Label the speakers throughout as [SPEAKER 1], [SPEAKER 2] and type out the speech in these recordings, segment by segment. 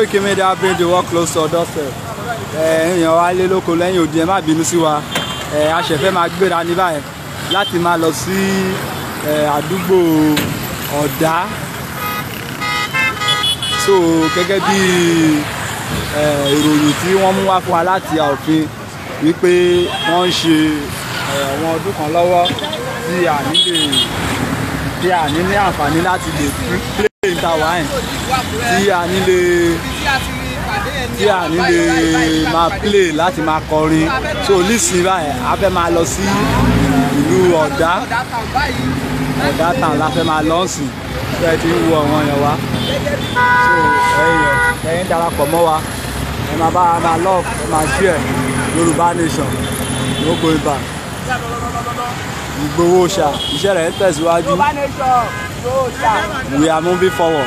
[SPEAKER 1] Koikimedia bring the work close to doorstep eh, èèyàn wa lé lóko lẹ́yìn òdi ẹ má bínú sí wa eh, a ṣe máa gbéra ní báyìí láti máa lọ sí eh, àdúgbò ọ̀dá so gẹ́gẹ́ bí ìròyìn tí wọ́n mú wá fún wa láti òfin wípé wọ́n ń ṣe ẹ̀wọ̀n ọdún kan lọ́wọ́ tí a ní tí a ní ní àǹfààní láti lè ta wà tí a nílé
[SPEAKER 2] tí a nílé máa
[SPEAKER 1] play láti máa kọrin so nísìnyí báyìí a fẹ́ máa lọ sí ìlú ọ̀dá ọ̀dá town la fẹ́ máa lọ́ọ̀sì tí ẹ ti ń wo àwọn yẹn wá so ẹ̀yìn ẹ̀yìn darapọ̀ mọ́ wa ẹ máa bá máa love ẹ máa share Yorùbá nation no going back Ìgbòho ṣá iṣẹ́ rẹ̀ ń tẹ̀síwájú.
[SPEAKER 2] We
[SPEAKER 1] are moving forward.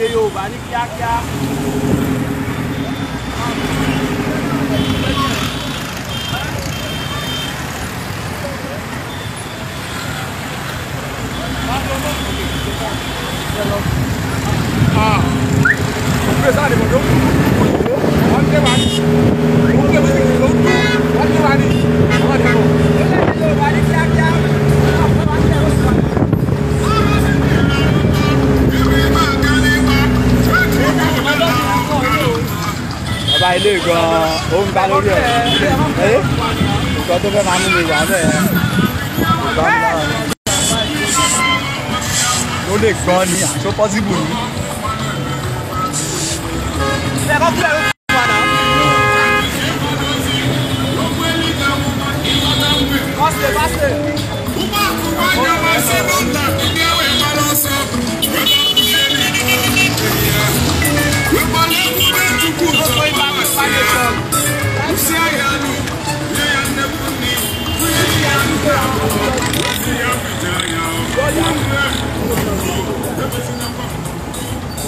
[SPEAKER 1] èdè Yorùbá ní kíákíá. Thank you. bàbá ilé gan ó ń bá lórí ẹ̀ ẹ́ nǹkan tó fẹ́ máa mú mi wà bẹ́ẹ̀ ìgbà mi lára
[SPEAKER 3] ó lè gan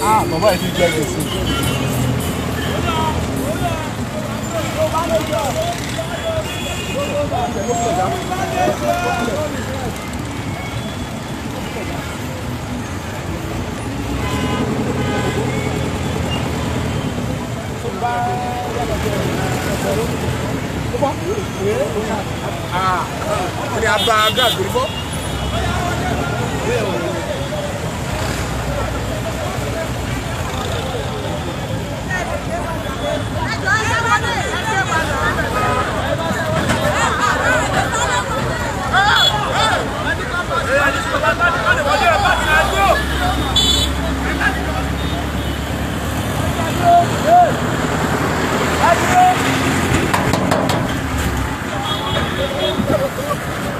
[SPEAKER 3] Ah, bàbá yìí ti jẹ́ gbèsè. Ah, ni a ba gàdúrú bọ́ will. Let's go!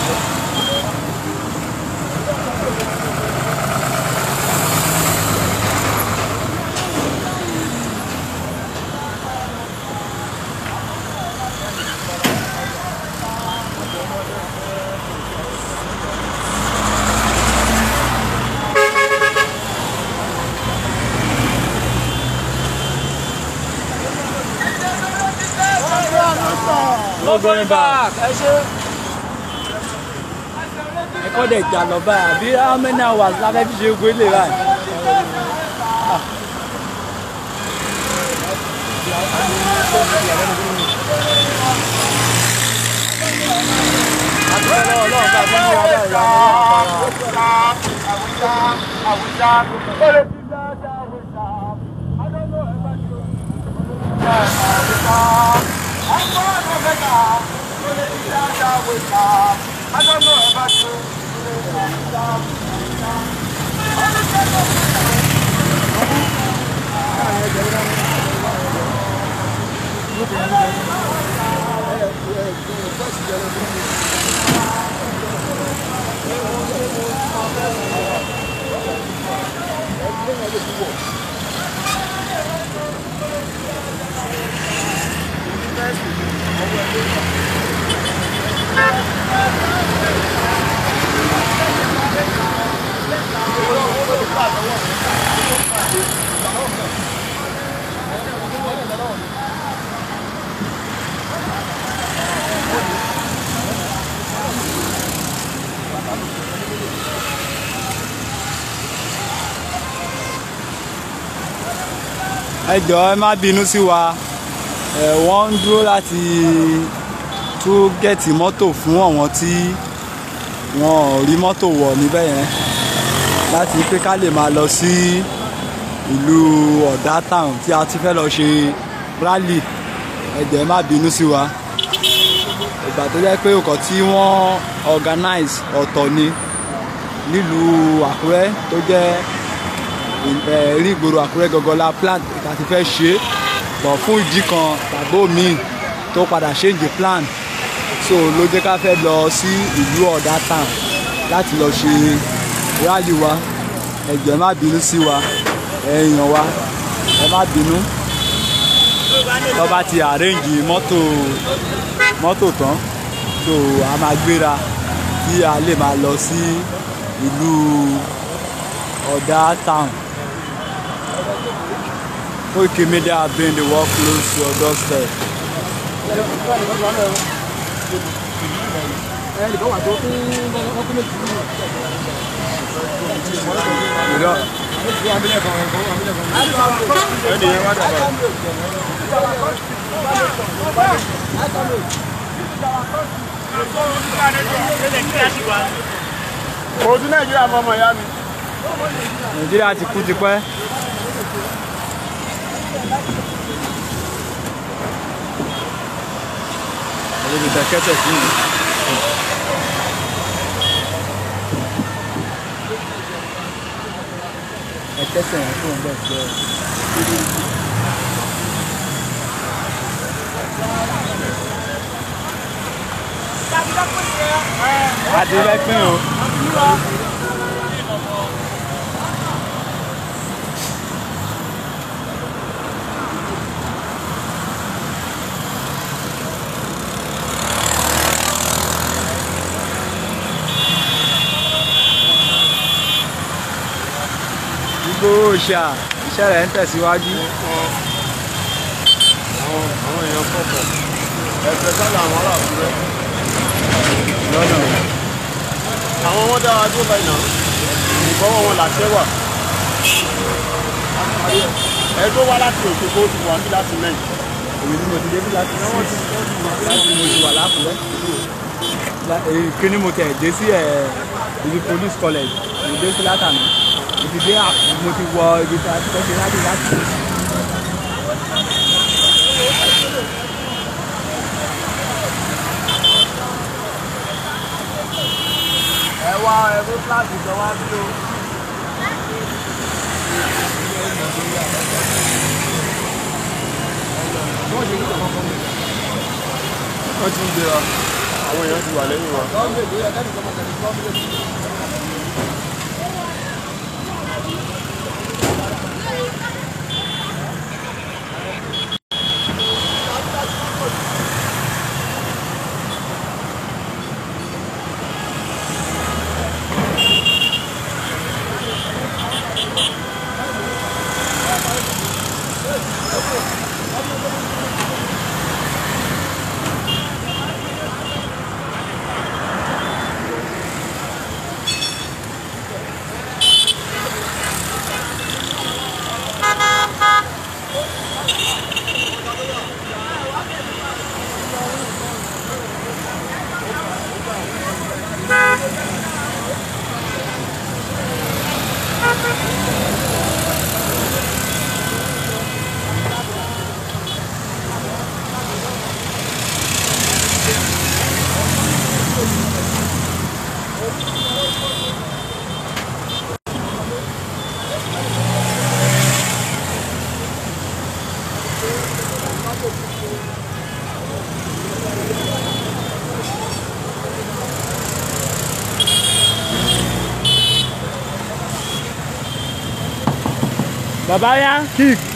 [SPEAKER 3] no going back. ẹ̀kọ́
[SPEAKER 1] dẹ̀ jà lọ báyìí àbí how many hours la fẹ́ fi ṣe gbé lè báyìí.
[SPEAKER 3] Yeah.
[SPEAKER 2] 俺妈他没干，昨天你下乡回家，他讲我害怕死，昨天我回家。俺妈，俺妈，哎，怎么样？你别讲，哎呀，昨天昨天，昨天。Ayo,
[SPEAKER 1] jọ̀ọ́ ẹ wa. wọ́n ń dúró láti tún gẹ̀ẹ́tì mọ́tò fún àwọn tí wọn ò rí mọ́tò wọ̀ níbẹ̀ yẹn láti pé ká lè máa lọ sí ìlú ọ̀dà town tí a ti fẹ́ lọ ṣe rally ẹ̀jẹ̀ má bínú sí wa ìgbà tó jẹ́ pé nǹkan tí wọ́n organize ọ̀tọ̀ ni nílùú Àkúrẹ́ tó jẹ́ rí ìgboro Àkúrẹ́ gọgọlá plant àti fẹ́ ṣe é but fún ìdí kan tàbí omiì tó padà change the plan so ló jẹ́ ká fẹ́ lọ sí ìlú ọ̀dà town láti lọ ṣe rally wa ẹ̀jọ̀ má bínú sí wa ẹ̀yàn wa ẹ má bínú tó bá ti arrange mọ́tò mọ́tò tán so a máa gbéra kí a lè máa lọ sí ìlú ọ̀dà town. Koiki Media have been the world close to your doorstep.
[SPEAKER 3] ojú nàìjíríà mọ ọmọ ìyá mi.
[SPEAKER 1] nàìjíríà ti kú tipẹ́. Olha, tá quieto aqui, né? ẹ̀kẹ́sẹ̀ yẹn fún ọgbẹ́ ìjọ
[SPEAKER 3] Adé bá pín o.
[SPEAKER 1] òòṣà iṣẹ́ rẹ̀ ń tẹ̀síwájú.
[SPEAKER 3] àwọn èèyàn kọ̀ọ̀kan ẹ̀fẹ̀ sálà àwọn aláàbúrẹ́. lọ́nà àwọn wọn dára tó báyìí náà ìbọwọ́ wọn làṣẹ wà. ẹ tó wá láti Òṣogbo ti wà ní láti mẹ́yìn. èmi ni mo ti débí láti sí láti
[SPEAKER 1] mo ti wà lákùrẹ́. kí ni mo tẹ̀ dé sí ibi police college mo dé sí látàná ti dé àpò mo ti wọ ibi tí a ti tọ́jú láti láti. ẹ wá ẹ fún fúláàgì kan wá sí o.
[SPEAKER 3] wọ́n ti ń gbéra àwọn èèyàn ti wà lẹ́yìn wa.
[SPEAKER 1] 拜拜呀，去。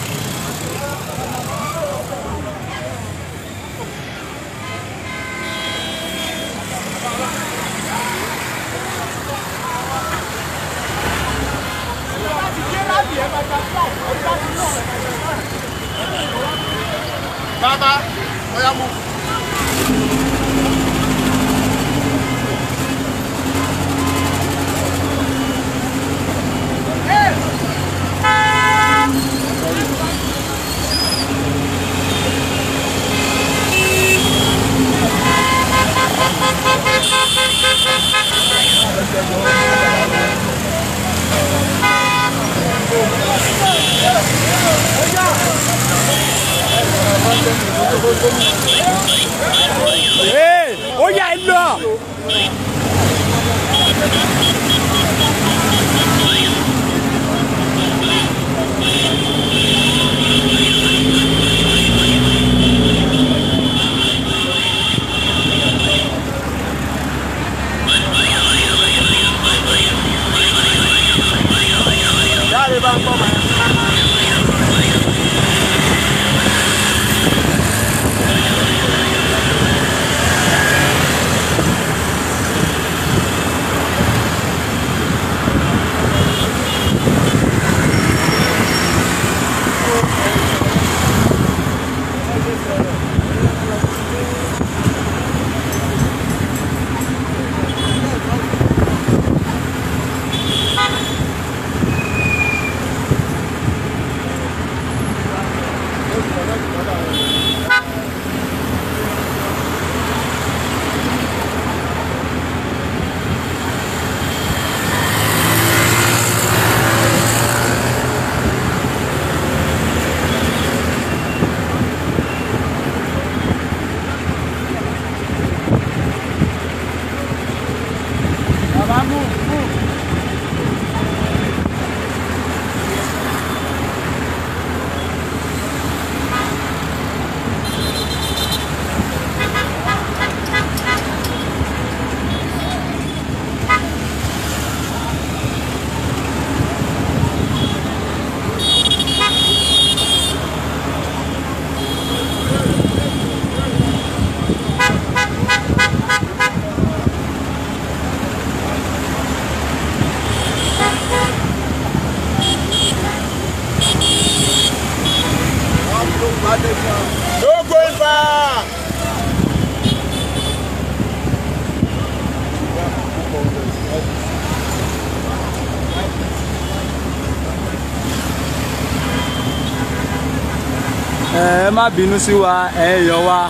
[SPEAKER 1] má bínú sí wa èèyàn wa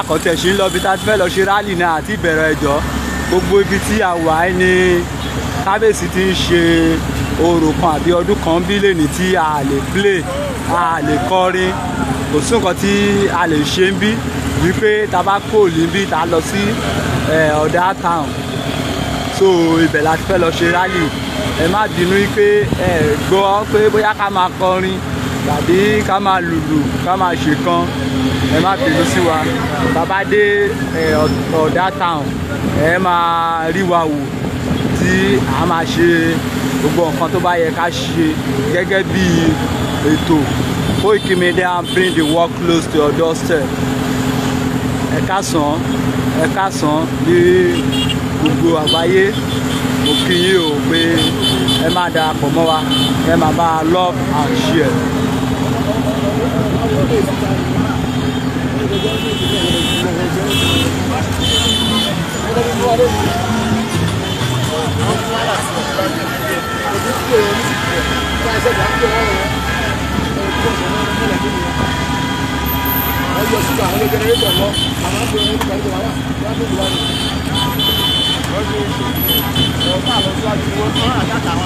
[SPEAKER 1] akọ̀tẹ̀sí ń lọ bí tá a ti fẹ́ lọ ṣe rálì náà àti ìbẹ̀rẹ̀ ẹ̀jọ́ gbogbo ibi tí a wà á ní kábíyèsí ti ń ṣe orò kan àbí ọdún kan bí lèní tí a lè play a lè kọrin kò sí nǹkan tí a lè ṣe ń bí wípé tá a bá kó òlì ń bí tá a lọ sí ọ̀dà town so ibẹ̀ la ti fẹ́ lọ ṣe rálì ẹ má bínú wípé ẹ gbọ́ pé bóyá ká máa kọrin tàbí ká máa lùlù ká máa ṣèkan ẹ má bínú sí wa bàbá dé ọ̀dà town ẹ máa rí wa wò tí a máa ṣe gbogbo nǹkan tó bá yẹ ká ṣe gẹ́gẹ́ bí ètò Koiki Media bring the work close to your doorstep ẹ káàsán ẹ káàsán ní gbogbo àgbáyé mo kí yín o pé ẹ máa darapọ̀ mọ́ wa ẹ máa bá love and share. 我这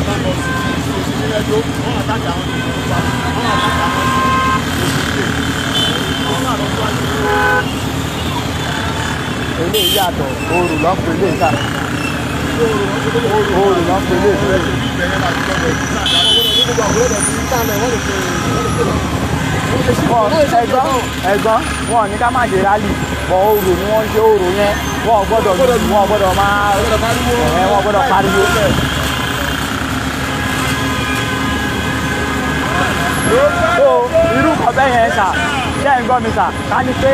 [SPEAKER 2] 边。ìpínlẹ̀
[SPEAKER 3] ilé yàtọ̀ ooru lọ́pọ̀ ilé ìta ooru lọ́pọ̀ ilé ìta.
[SPEAKER 1] ẹ̀gbọ́n ẹ̀gbọ́n wọn ní ká má ṣe rálì bọ̀ ooru ni wọ́n ń ṣe ooru yẹn wọ́n gbọ́dọ̀ wọ́n gbọ́dọ̀ máa wọ́n gbọ́dọ̀ pariwo. so irú kan bẹ́ẹ̀ yẹn sà ṣé ẹ̀ ń gbọ́ mi sà ká ní pé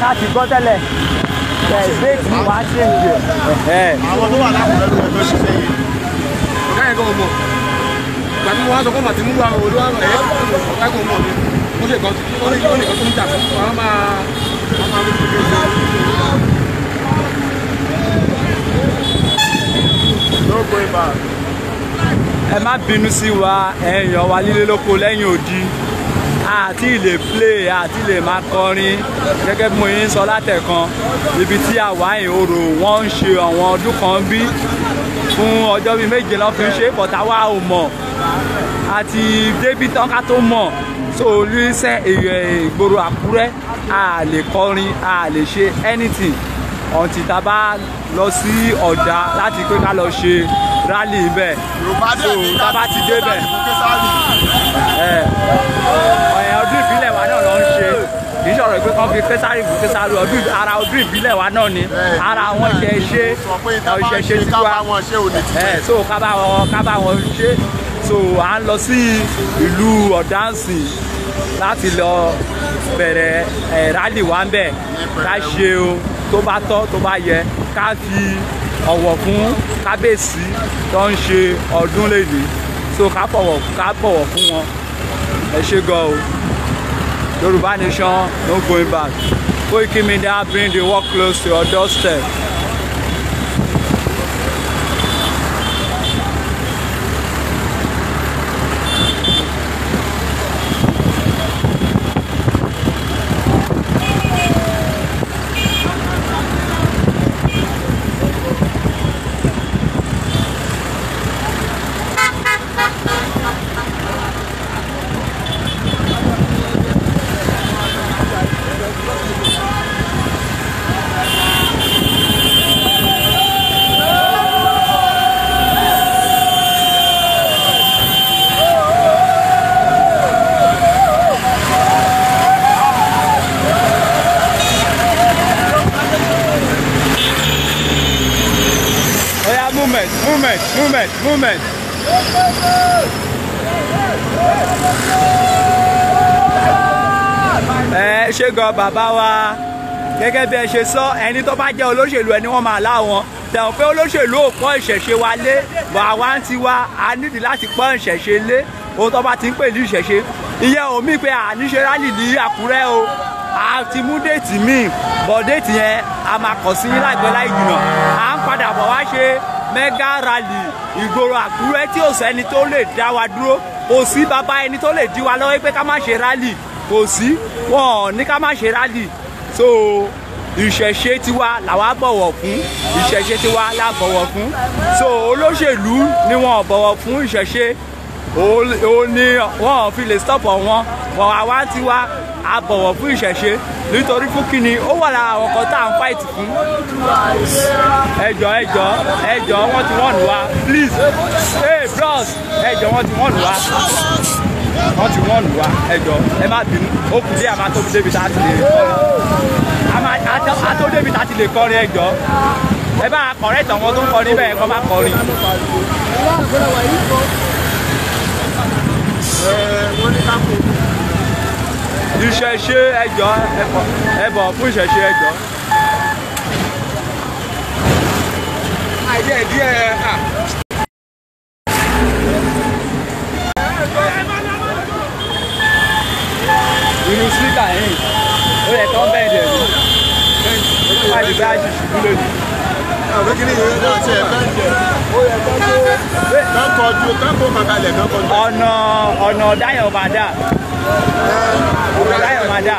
[SPEAKER 1] ká ti gbọ́ tẹ́lẹ̀
[SPEAKER 3] ẹ̀ bẹ́ẹ̀kì wá sí èyí. àwọn tó wà lákùnrin ló ń tó ṣiṣẹ́ yìí ọ̀gá yẹn kọ́ ọmọ ìgbà tí wọ́n á sọ fún màtí múwa olúwa ẹ̀yẹ́ ọ̀gá kò mọ̀ mi ó ṣe kan ó ní kan tó ń jà fún máa máa ń fi no going
[SPEAKER 1] ẹ má bínú sí wa ẹ̀yàn wa lílé lóko lẹ́yìn òdi àti ilé play àti ilé máa kọrin gẹ́gẹ́ bí mo yín sọ látẹ̀kan ibi tí àwáyìn orò wọ́n ń ṣe àwọn ọdún kan bí fún ọjọ́ bíi méje lọ́ọ́ fi ń ṣe bọ̀tá wa ò mọ̀ àti débi tán ká tó mọ̀ so lórí iṣẹ́ ìgboro Àkúrẹ́ a lè kọrin a lè ṣe anything ọ̀ǹtì tá a bá lọ sí ọ̀dà láti pé ká lọ ṣe rálì bẹ́ẹ̀ so tá bá ti dé bẹ́ẹ̀ ọ̀yàn ọdún ìbílẹ̀ wa náà lọ ń ṣe kì í sọ̀rọ̀ pé kán fi késàrì fún késàrì ọdún ara ọdún ìbílẹ̀ wa náà ni ara àwọn ìṣẹ̀ṣe ìṣẹ̀ṣe tiwa so ká bá wọn ká wọn ṣe so à ń lọ sí ìlú ọ̀dáǹsì láti lọ bẹ̀rẹ̀ rálì wa ń bẹ̀ ká ṣe o tó bá tọ́ tó bá yẹ ká fi ọ̀wọ̀ fún kábíyèsí tó ń ṣe ọdún lèlè so ká bọ̀wọ̀ ká bọ̀wọ̀ fún wọn ẹ ṣe gan o Yorùbá nation no going back Koiki Media bring the work close to your doorstep. Movement, movement. Ẹ ṣe gan bàbá wa gẹ́gẹ́ bí ẹ ṣe sọ ẹni tó bá jẹ́ olóṣèlú ẹni wọ́n máa láwọn tẹ̀wọ̀n pé olóṣèlú ò pọ́n ìṣẹ̀ṣe wa lé bọ̀ àwa ń tiwa a nídìí láti pọ́n ìṣẹ̀ṣe lé ohun tó bá ti ń pè ní ìṣẹ̀ṣe ìyẹn ò mí pé àníṣe rálì ní Àkúrẹ́ o a ti mú déètì míì bọ̀ déètì yẹn a máa kàn sí yín láìpẹ́ láì jìnnà à ń padà bọ̀ wá ṣe mega rally ìgboro Àkúrẹ́ tí ò sẹ́ni tó lè dá wa dúró kò sí bàbá ẹni tó lè dí wa lọ́wọ́ pé ká má ṣe rally kò sí wọn ní ká má ṣe rally so ìṣẹ̀ṣe tiwa làwa bọ̀wọ̀ fún ìṣẹ̀ṣe tiwa la bọ̀wọ̀ fún so olóṣèlú ni wọn ò bọ̀wọ̀ fún ìṣẹ̀ṣe ó ní wọn fi lè stop wọn wọn àwa tiwa a bọ̀wọ̀ fún ìṣẹ̀ṣe nítorí fún kíni ó wà lára àwọn kan tá à ń fight fún. ẹjọ ẹjọ ẹjọ wọn ti wọ́n nù wá please hey bros ẹjọ wọn ti wọ́n nù wá wọ́n ti wọ́n nù wá ẹjọ ẹ má bínú ó kù dé àmà tóbi débi tá a ti lè kọrin àmà tó débi tá a ti lè kọrin ẹjọ ẹ bá kọrẹ́tì àwọn tó ń kọrin bẹ́ẹ̀ kọ́ má kọrin wọ́n ní ká kó ìṣẹ̀ṣe ẹjọ́ ẹbọ̀ fún ìṣẹ̀ṣe ẹjọ́.
[SPEAKER 3] àyè díẹ̀ à.
[SPEAKER 1] inú síkà yìí ó yẹ kán bẹ́ẹ̀ dẹ̀ ló wá ní bá jù ṣubú lónìí. àwọn kìíní yìí ló ti ẹ̀ bẹ́ẹ̀ dẹ̀ ó yẹ kán tó kán kọjú kán kó kàkálẹ̀ kán kọjú. ọ̀nà ọ̀nà dáyọ̀ bàdà. Saya ada.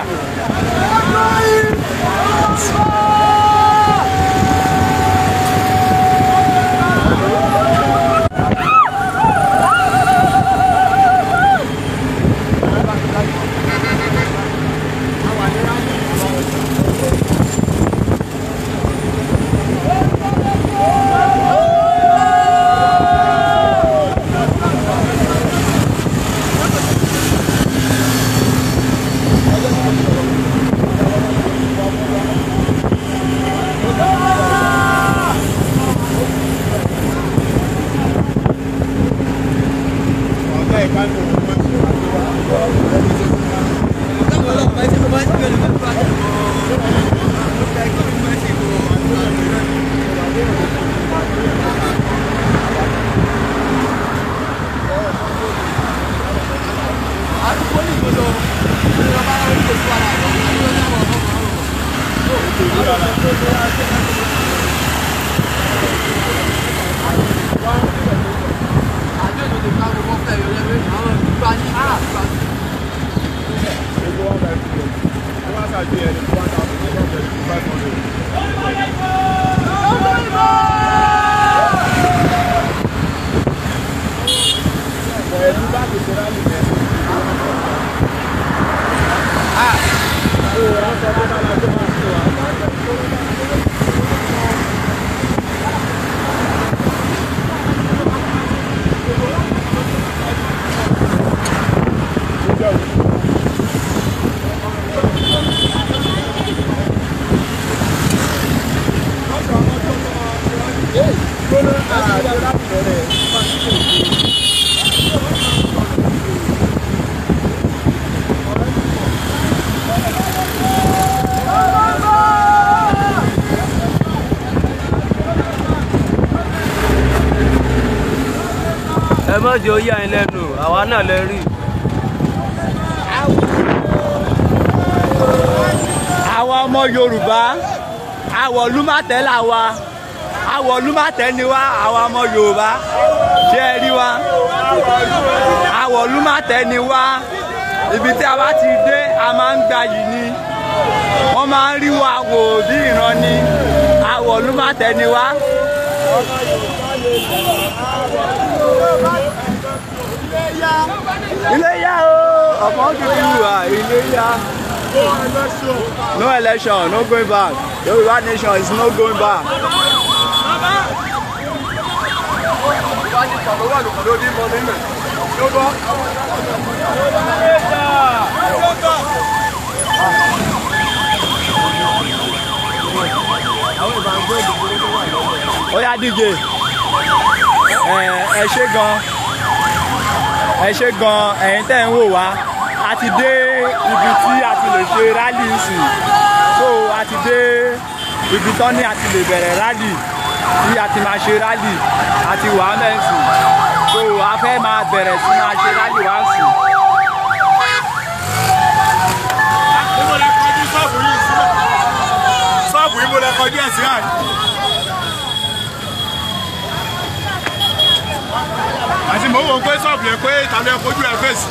[SPEAKER 1] mọ̀jẹ̀ ó yà yín lẹ́nu àwa náà lè rí. àwa ọmọ Yorùbá àwọ̀lúmọ̀tẹ́ là wa àwọ̀lúmọ̀tẹ́ ni wá àwa ọmọ Yorùbá ṣé ẹ rí wa àwọ̀lúmọ̀tẹ́ ni wá ibi tí a bá ti dé a máa ń gbayì ni wọ́n máa ń rí wa wò bí ìran ni àwọ̀lúmọ̀tẹ́ ni wá. Thank you iléyá iléyá o ọ̀pọ̀ ti fi wà iléyá. no election no election no going back Yorùbá nation is no going back. Ó yá díje ẹ ṣé gan-an ẹ ṣe gan ẹ̀yin tẹ́ ń wò wá a ti dé ibi tí a ti lè ṣe rálì nsìn so a ti dé ibi tán ni a ti lè bẹ̀rẹ̀ rálì tí a ti máa ṣe rálì a ti wà mẹ́sìn so a fẹ́ máa bẹ̀rẹ̀ sí máa ṣe rálì wá sìn.
[SPEAKER 3] sọ́ọ̀bù yìí mo lè kọjú ẹ̀sìn àná. àti mò ń wò pé sọ́ọ̀bù yẹn pé ìtàlẹ́ kojú ẹ fèsì.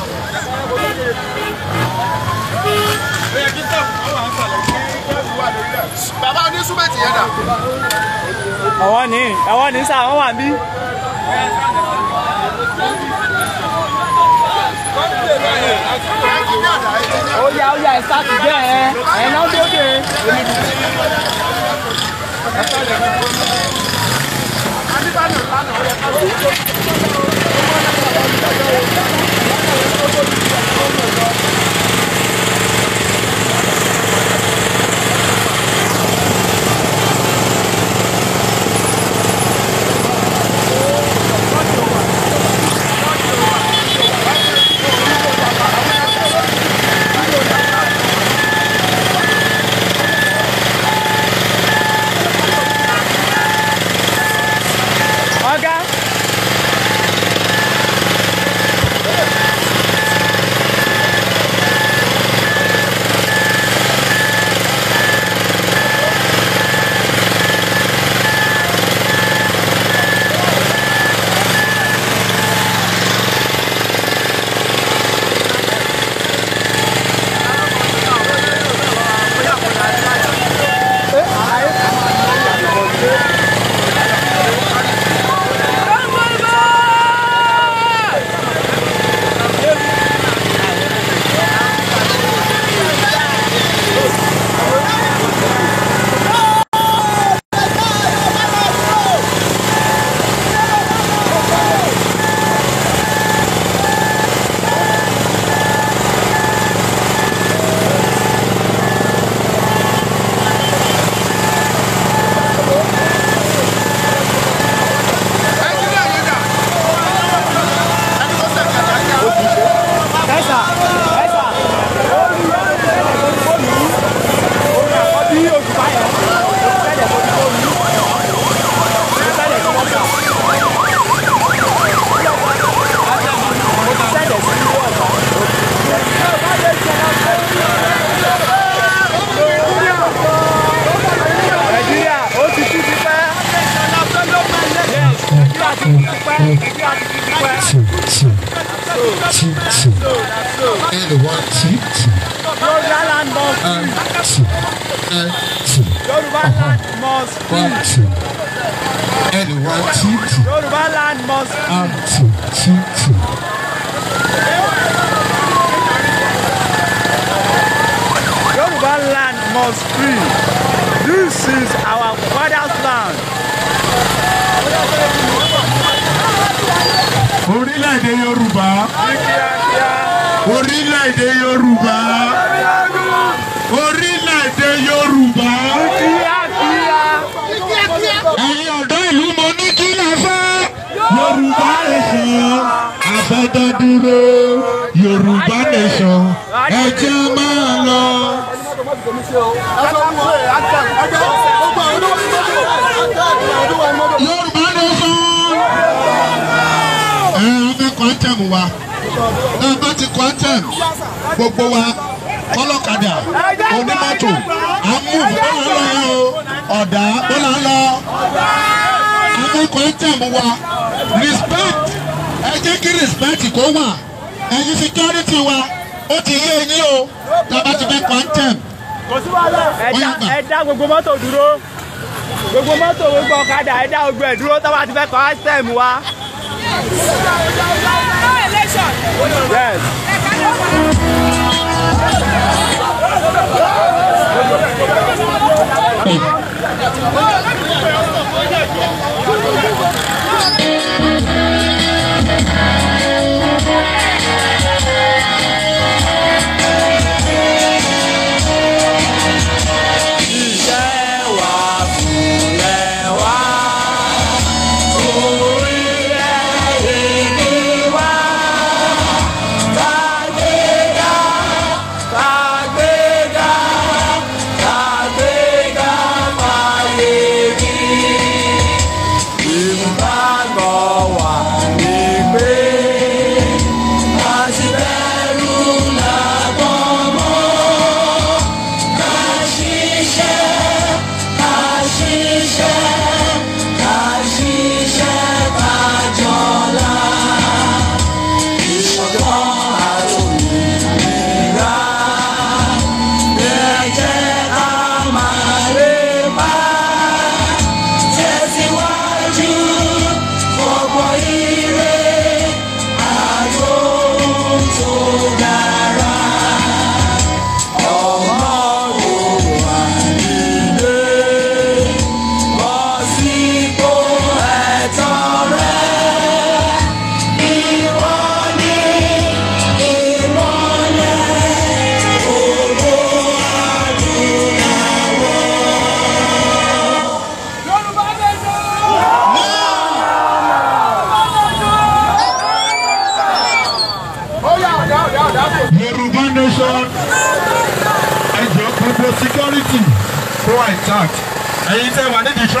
[SPEAKER 3] bàbá oní súmẹ̀tì yẹn dà.
[SPEAKER 1] àwọn ní àwọn ní sáà wọn wà bí. Oya ẹ sá ti ẹ ẹ náà dóde.
[SPEAKER 3] Thank you. 我诉大家，我们通过几千万人通过几万公里的。náà bá ti kọ́ àtẹ̀m gbogbo wa ọlọ́kadà onímọ́tò àmú bọ́lá ń lọ ọ̀dà bọ́lá ń lọ àwọn kọ́ àtẹ̀m wa respect ẹ jẹ́ kí respect kó wà ẹ̀yin security wa ó ti yé eyín o tàbá ti fẹ́ kọ́ àtẹ̀m. kò sí gbogbo mọ́tò dúró
[SPEAKER 1] gbogbo mọ́tò gbogbo ọ̀kadà ẹ̀dá gbogbo ẹ̀ dúró tó ti fẹ́ kọ́ àtẹ̀m wa. Yes.
[SPEAKER 2] Hey.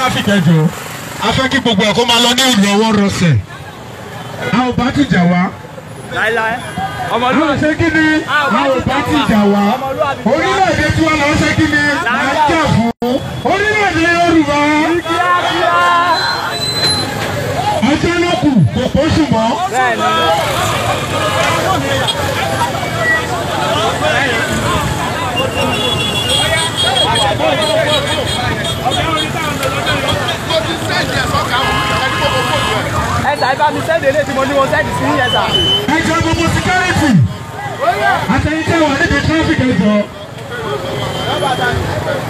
[SPEAKER 3] traffic ẹjọ́ a fẹ́ kí gbogbo ẹ̀ máa lọ ní ìlú ọwọ́ a ò bá ti jà wá. láíláí ọmọlúwa ṣé kí ni a ò bá ti jà wá orílẹ̀-èdè tí wọ́n lọ ṣé kí ni à ń jà fún orílẹ̀-èdè Yorùbá. ọjọ́ ló kù kò pọ̀ ṣùgbọ́n.
[SPEAKER 1] sà ẹ bá mi sẹ́ẹ̀dì eléyìí tí mo ní mo
[SPEAKER 3] sẹ́ẹ̀dì sí yẹn sà. ẹ jọ gbogbo síkírẹ́tì àtẹnitẹ́ wà níbi tírọ́fìkì ẹ̀jọ̀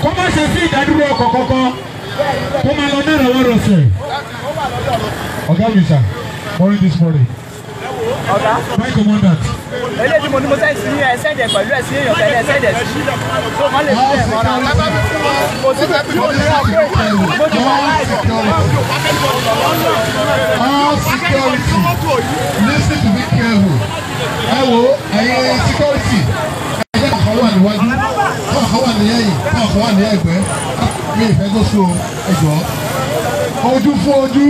[SPEAKER 3] kó má ṣe sí ìdádúró ọkọ̀ kọ̀ọ̀kan kó má lọ ní ìrànwọ́ rọ̀ṣẹ̀. ọ̀gá mi sà morning this morning. ọ̀gá my commandant.
[SPEAKER 1] eléyìí tí mo ní mo sẹ́ẹ̀dì sí yẹn sẹ́ẹ̀dì pẹ̀lú ẹ̀ sí èèyàn tẹ́lẹ̀ sẹ́ẹ̀dì sí tó má lè fi ẹ̀ mọ́ra. mo ti fẹ́ fi mo lè ra pé mo
[SPEAKER 3] ti wà láì all security listen to be careful ẹ wo ẹ̀yin security ẹ jẹ́ kọ̀ọ̀kan wà níwájú kọ̀ọ̀kan wà ní ẹ̀yìn kọ̀ọ̀kan wà ní ẹ̀gbẹ́ mi ìfẹ́ tó so
[SPEAKER 1] ẹ̀jọ̀ ojú fún ojú.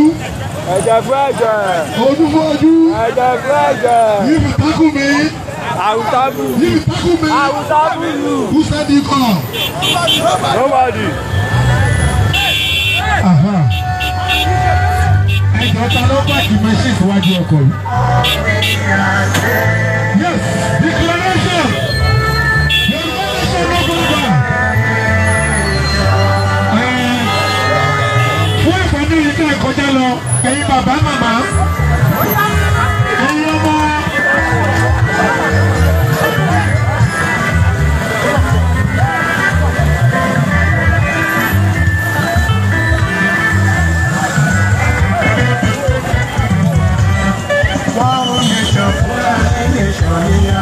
[SPEAKER 1] ẹ̀jẹ̀ fún ẹ̀jẹ̀. ojú fún ojú. ẹ̀jẹ̀ fún ẹ̀jẹ̀. yìí fi takú mi. àwùtábù. yìí fi takú mi. àwùtábù
[SPEAKER 3] lù. who said you come. nobody. nobody. Uh-huh. Bàtà ló pààkì machine síwájú ọkọ̀ yìí.
[SPEAKER 2] Yes, declaration.
[SPEAKER 3] Yorùbá nation no go down. Fún ẹ̀fọ́ ní ìdílé kọjá lọ, ẹ̀yin bàbá màmá. ìyẹn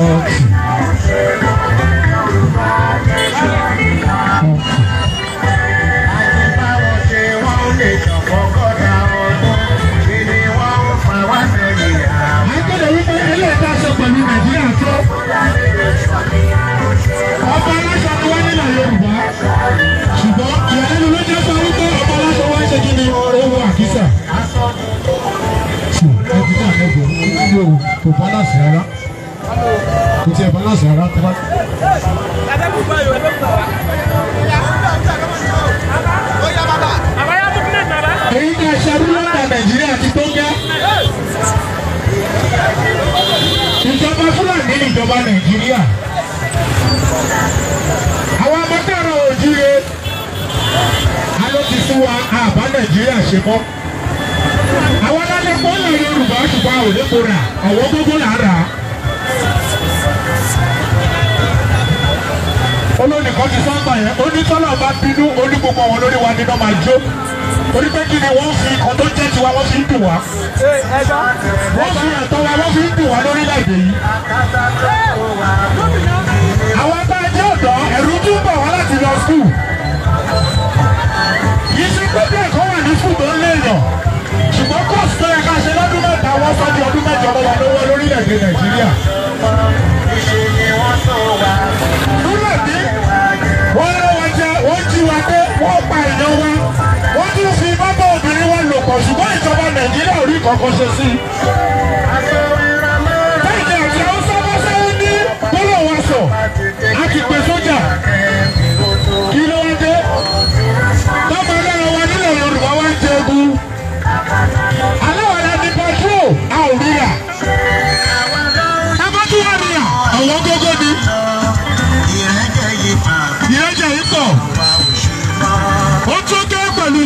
[SPEAKER 3] Okay. pẹ̀lú nàìjíríà tó. ọba aláṣọ ni wọ́n nílò yorùbá ṣùgbọ́n ìyàlẹ́nu ló jẹ́ fún wípé ọba aláṣọ wá ń ṣe kíni owó àkísà. ẹ ti dá àlejò ní o kò balance rárá kò tiẹ̀ balance rárá tó bá. èyí ni àṣà rúlọ́ọ̀dà nàìjíríà ti tó gẹ́ ìjọba Fúlàní ìjọba Nàìjíríà àwọn ọmọ dára òjìire aló ti fún wa àbá Nàìjíríà ṣe mọ́ àwọn alẹ́ pọ́nlẹ̀ Yorùbá ṣùgbọ́n àwọn òlépo rà ọ̀wọ́ gbogbo là ń rà á. olónìkan ti sábà yẹn onítọ́lọ́ bá bínú onígbogbo wọn lórí wa ni wọ́n máa jó torí pé kí ni wọ́n fi nǹkan tó jẹ́ tiwa wọ́n fi ń dùn wá wọ́n fi ẹ̀tọ́ wa wọ́n fi ń dùn wá lórílẹ̀‐èdè yìí. àwọn bá a ọ̀dọ́ ẹ̀rù tún bọ̀ wá láti lọ skul kì ṣe pé bí ẹ̀kọ́ wà ní skul tó ń léèyàn ṣùgbọ́n kóòsì tó yẹ ká ṣe lọ́dún mẹ́ta wọ́n sọ di ọdún mẹ́jọ lọ́wọ́ lọ́wọ́ lórílẹ̀‐èdè Nàìjíríà. lúlẹ̀ bí wọ́n lọ́wọ́ jẹ́ wọ́n jí wa pé wọ́n pa ìyàn wa wọ́n tún fi bábọ̀ obìnrin wọn lò pọ̀ ṣùgbọ́n ìjọba nàìjíríà ò rí kankan ṣe sí i.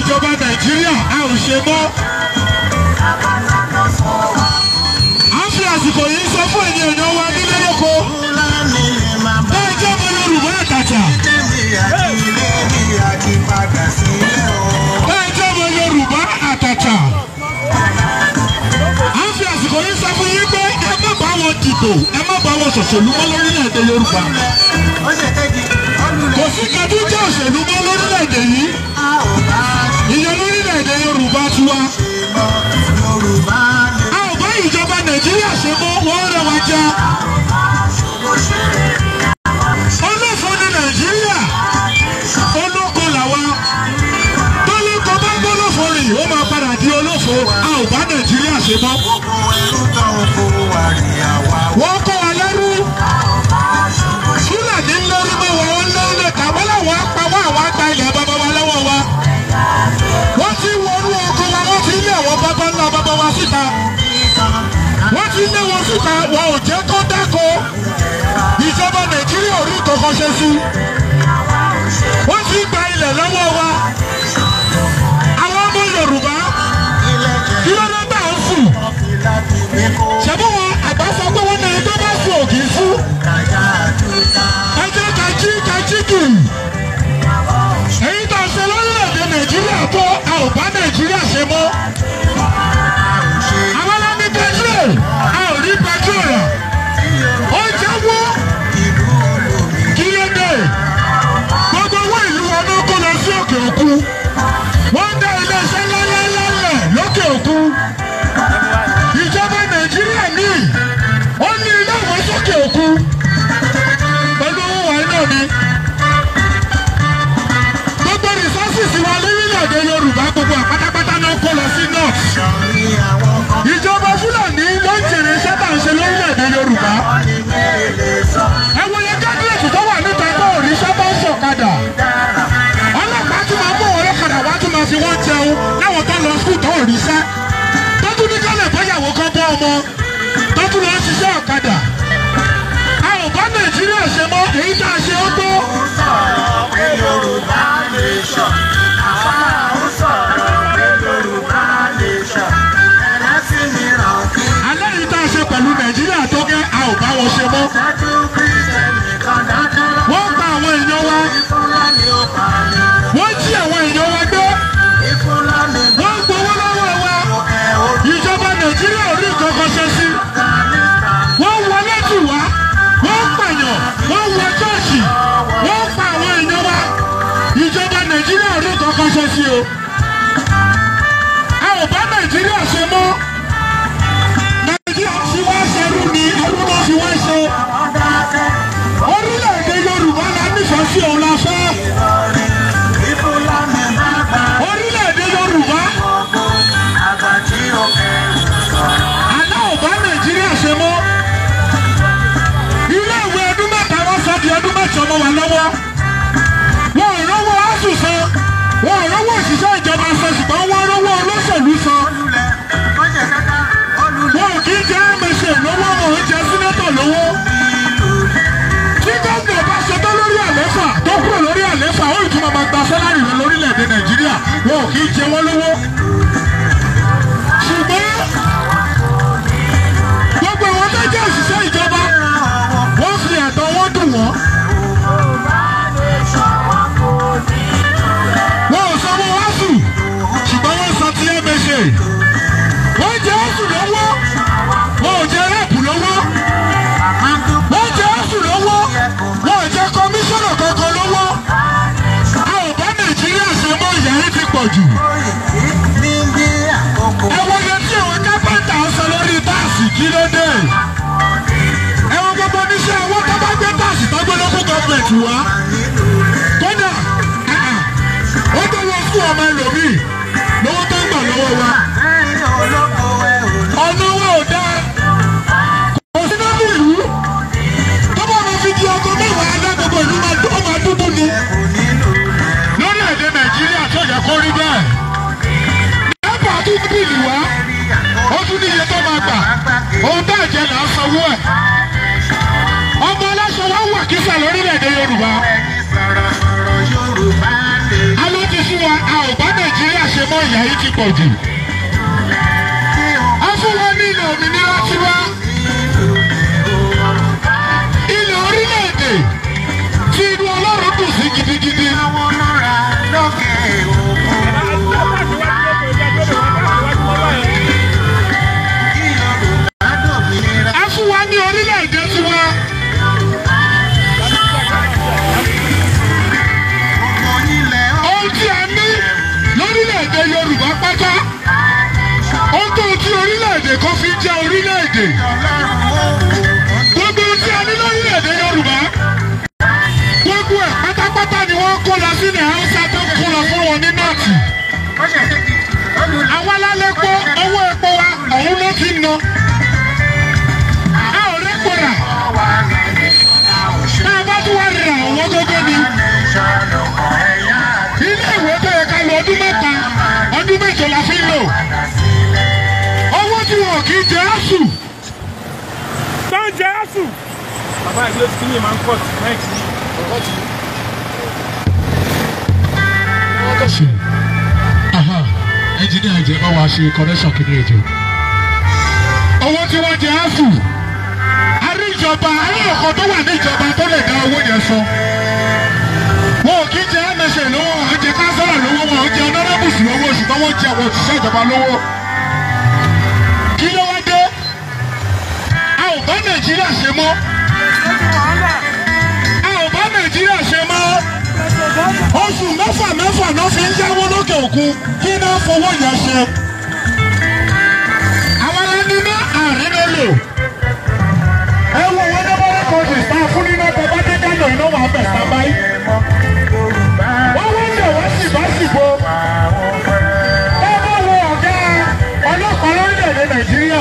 [SPEAKER 3] ìjọba nàìjíríà a ò ṣe mọ́. a fi àsìkò yìí sọ fún ènìyàn náà wá nílé lóko. bẹ́ẹ̀ jẹ́ mo yorùbá àtàtà. bẹ́ẹ̀ jẹ́ mo yorùbá àtàtà. a fi àsìkò yìí sọ fún yín pé ẹ má bá wọn dìbò ẹ má bá wọn ṣòṣèlú mọ́ lórílẹ̀‐èdè yorùbá kò sí kẹdújẹ òṣèlú mọ́ lórílẹ̀‐èdè yìí orílẹ̀-èdè Yorùbá tiwa. a ò bá ìjọba Nàìjíríà ṣe mọ́ wọ́n rẹwà já. ìjọba wa ò jẹ́ kó dáko ìjọba nàìjíríà ò rí ṣe sí wọ́n ti gba ilẹ̀ lọ́wọ́ wa àwọn ọmọ yorùbá kí ló dé bá ń sùn ṣàbí wọn àgbà sọ pé wọn náà tó bá sùn òkì fún ẹ jẹ́ kájí kájí kìí èyí tó ń ṣe lórílẹ̀‐èdè nàìjíríà tó a ò bá nàìjíríà ṣe mọ́. jẹ fà náà fi ń yáwó lókè òkun kí náà fowó yẹn ṣe. àwọn ẹni ní àárín ló lò. ẹ wo owó nẹ́bọ̀rẹ́ kan sì sá fún nínú bàbá kékeré iná wà bẹ̀ sábáyé. wọ́n wọ́n lè wọ́n sì bá sì bo. ẹ bá wo ọ̀gá ọlọ́pàá lórílẹ̀‐èdè Nàìjíríà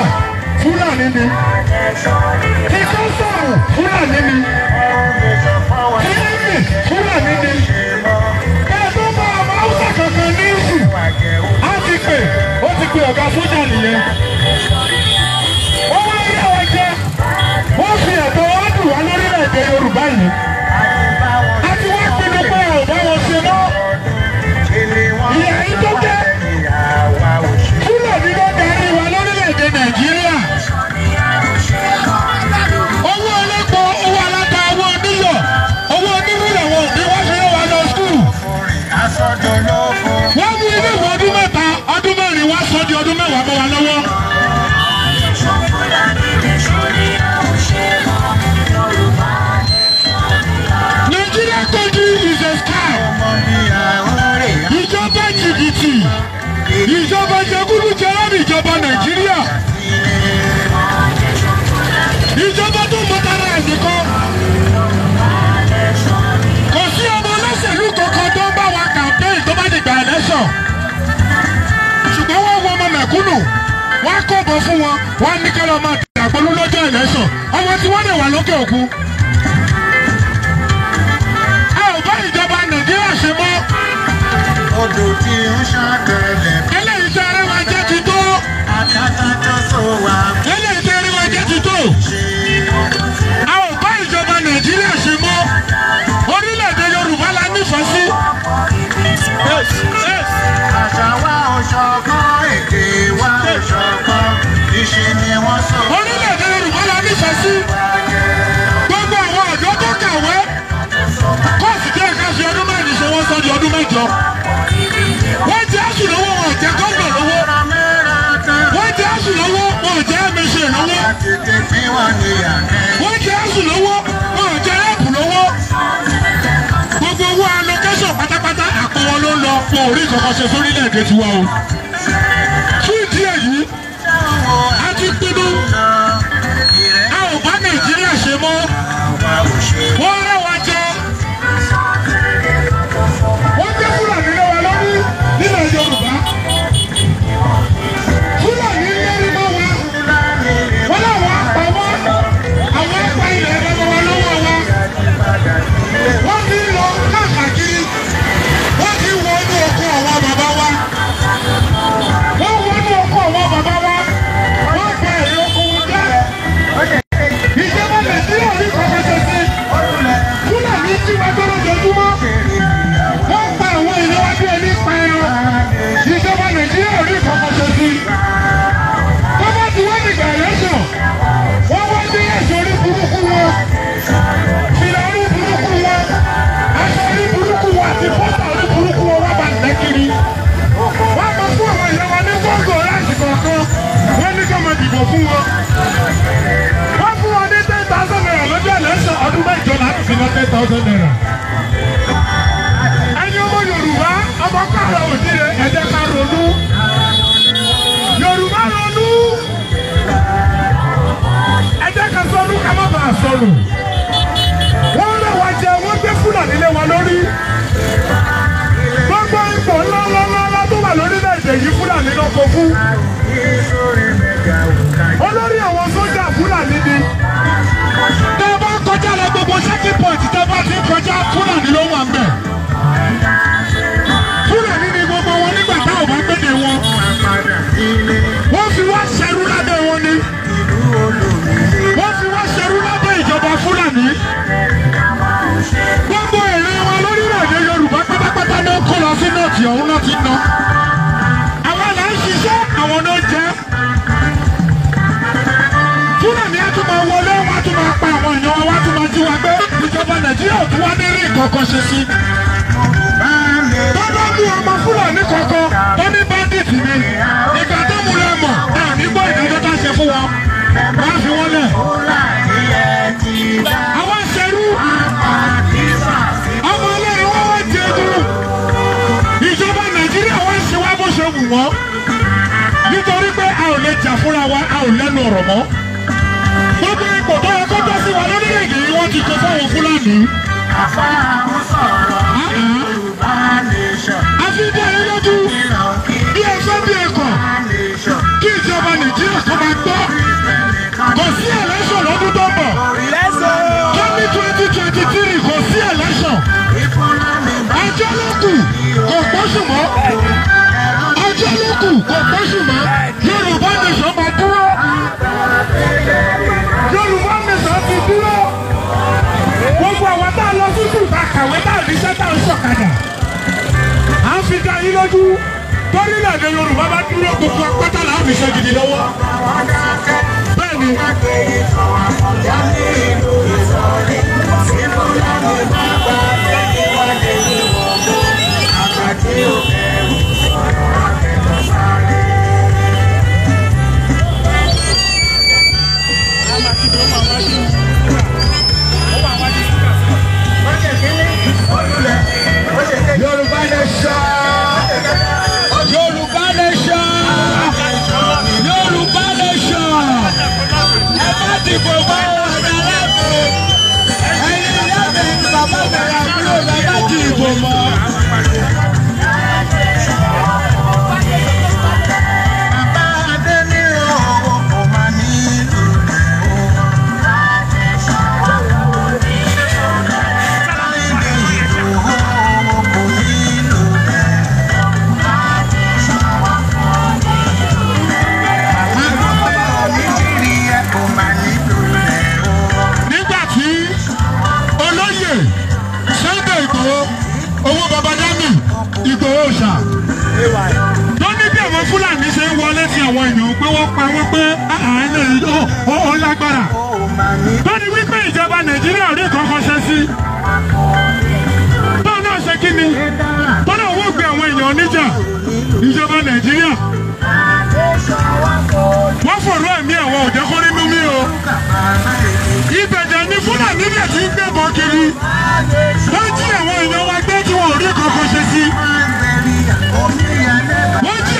[SPEAKER 3] Fúlàní ni. kíkọ́ sọ̀rọ̀ Fúlàní ni. sójà nìyẹn wọ́n wá rí àwọn jẹ wọ́n fi ẹ̀tọ́ wọn dùn wá lórílẹ̀-èdè Yorùbá yìí. lọ máa dàgbọ́lú lọ́jọ́ ẹ̀lẹ́sàn ọmọ tí wọ́n lè wà lókè òkun. a ò bá ìjọba nàìjíríà ṣe mọ́. odò tí ń ṣàkẹlẹ̀. eléyìí tẹ ẹrẹ máa jẹ́ ti tó. àtàtà tó wà. eléyìí tẹ ẹrẹ máa jẹ́ ti tó. a ò bá ìjọba nàìjíríà ṣe mọ́. orílẹ̀-èdè yorùbá la nífẹ̀ẹ́ sí. àṣà wa ò ṣọ̀kan orílẹ̀-èdè Yorùbá la nífẹ̀ẹ́ sí gbogbo àwọn ọ̀dọ́ tó kàwé kóòsì jẹ́ ẹ̀ka fi ọdún mẹ́rin ṣe wọ́n sọ di ọdún mẹ́jọ wọ́n jẹ́ àṣù wọn jẹ́ gómìnà lọ́wọ́ wọ́n jẹ́ àṣù wọn jẹ́ ẹ̀mẹṣẹ́ lọ́wọ́ wọ́n jẹ́ àṣù wọn jẹ́ ẹ̀bù lọ́wọ́ gbogbo owó allocation pátápátá àpò ló lọ fún orí ìkọ̀kọ̀ ṣe sórílẹ̀-èdè sí. àfa àwọn sọ̀rọ̀ Yorùbá lè sọ. a fi dá yín lójú bí ẹjọ́ bí ẹ̀kọ́ kí ìjọba Nàìjíríà kọ́ máa gbọ́ kò sí ẹ̀lẹ́sọ̀ lọ́dún tó bọ̀ kẹ́mi twenty twenty three kò sí ẹ̀lẹ́sọ̀ ọjọ́ ló kù kò pọ́sùn mọ́ ọjọ́ ló kù kò pọ́sùn. yín lójú lórílẹ̀‐èdè Yorùbá bá dúró gbogbo apátá làá fi ṣe gidi lọ́wọ́ bẹ́ẹ̀ ni. Yorùbá nation.
[SPEAKER 2] Mama.
[SPEAKER 3] ọmọ nàìjíríà wọ́n fòrò ẹ̀mí àwọn òjò kó nínú mi o ìbẹ̀dẹ̀ ni fúlàní lè ti ń gbẹ̀bọ̀ kiri wọ́n jí àwọn èèyàn wa gbé tí wọn ò rí kankan ṣe sí wọ́n jí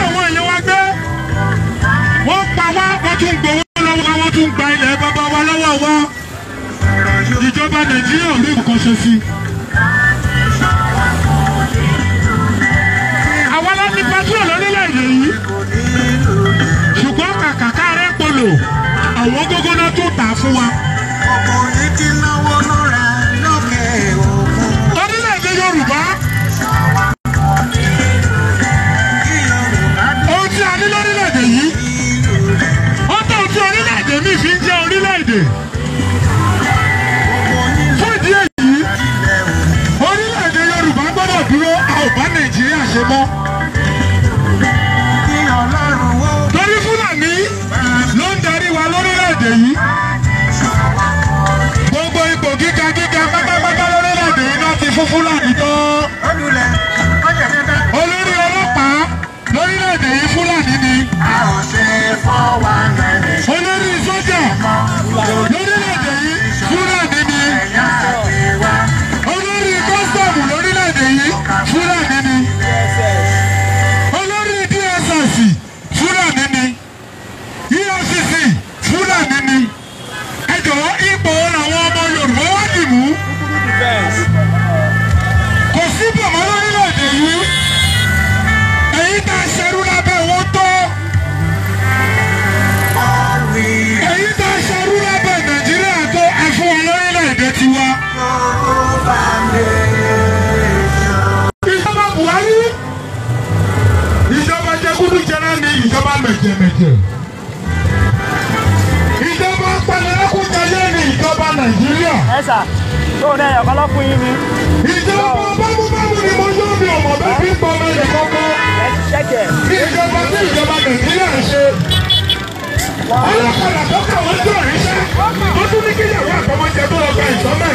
[SPEAKER 2] àwọn èèyàn wa gbé
[SPEAKER 3] wọ́n pa wá wọ́n tún gbowó lọ́wọ́ wọ́n tún gba ilẹ̀ bàbá wa lọ́wọ́ wa ìjọba nàìjíríà ò rí kankan ṣe sí tún tà fún wa. ọ̀pọ̀ yìí ti náwó lọ́ra lókè òkun. orílẹ̀-èdè Yorùbá. ohun tí a ní lórílẹ̀-èdè yìí ó tó tí orílẹ̀-èdè mi fi ń jẹ́ orílẹ̀-èdè. fún ìdí èyí orílẹ̀-èdè Yorùbá gbọ́dọ̀ dúró a ò bá Nàìjíríà ṣe mọ́. fún Fúlàní tán. olórí ọlọ́pàá lórílẹ̀‐èdè yìí Fúlàní ni. olórí sójà lórí. ìjọba mẹ̀jẹ̀mẹ̀jẹ̀ ìjọba pẹlẹrẹkùjayé ni ìjọba nàìjíríà. ẹ sà tó o dẹyọ kọlọpù yín ni. ìjọba bámúbámú ni mo yóò fi ọmọ bẹ́ẹ̀ fi ń pọ ọmọ yẹn ẹ ti ṣẹ́jẹ̀. ìjọba tí ìjọba nàìjíríà ń ṣe. ọlọ́kadà tó wọ́n jọ ìṣe. ó tún ní kí ìyàwó
[SPEAKER 1] àtọmọjẹ tó lọ gba ìtọ́mẹ̀.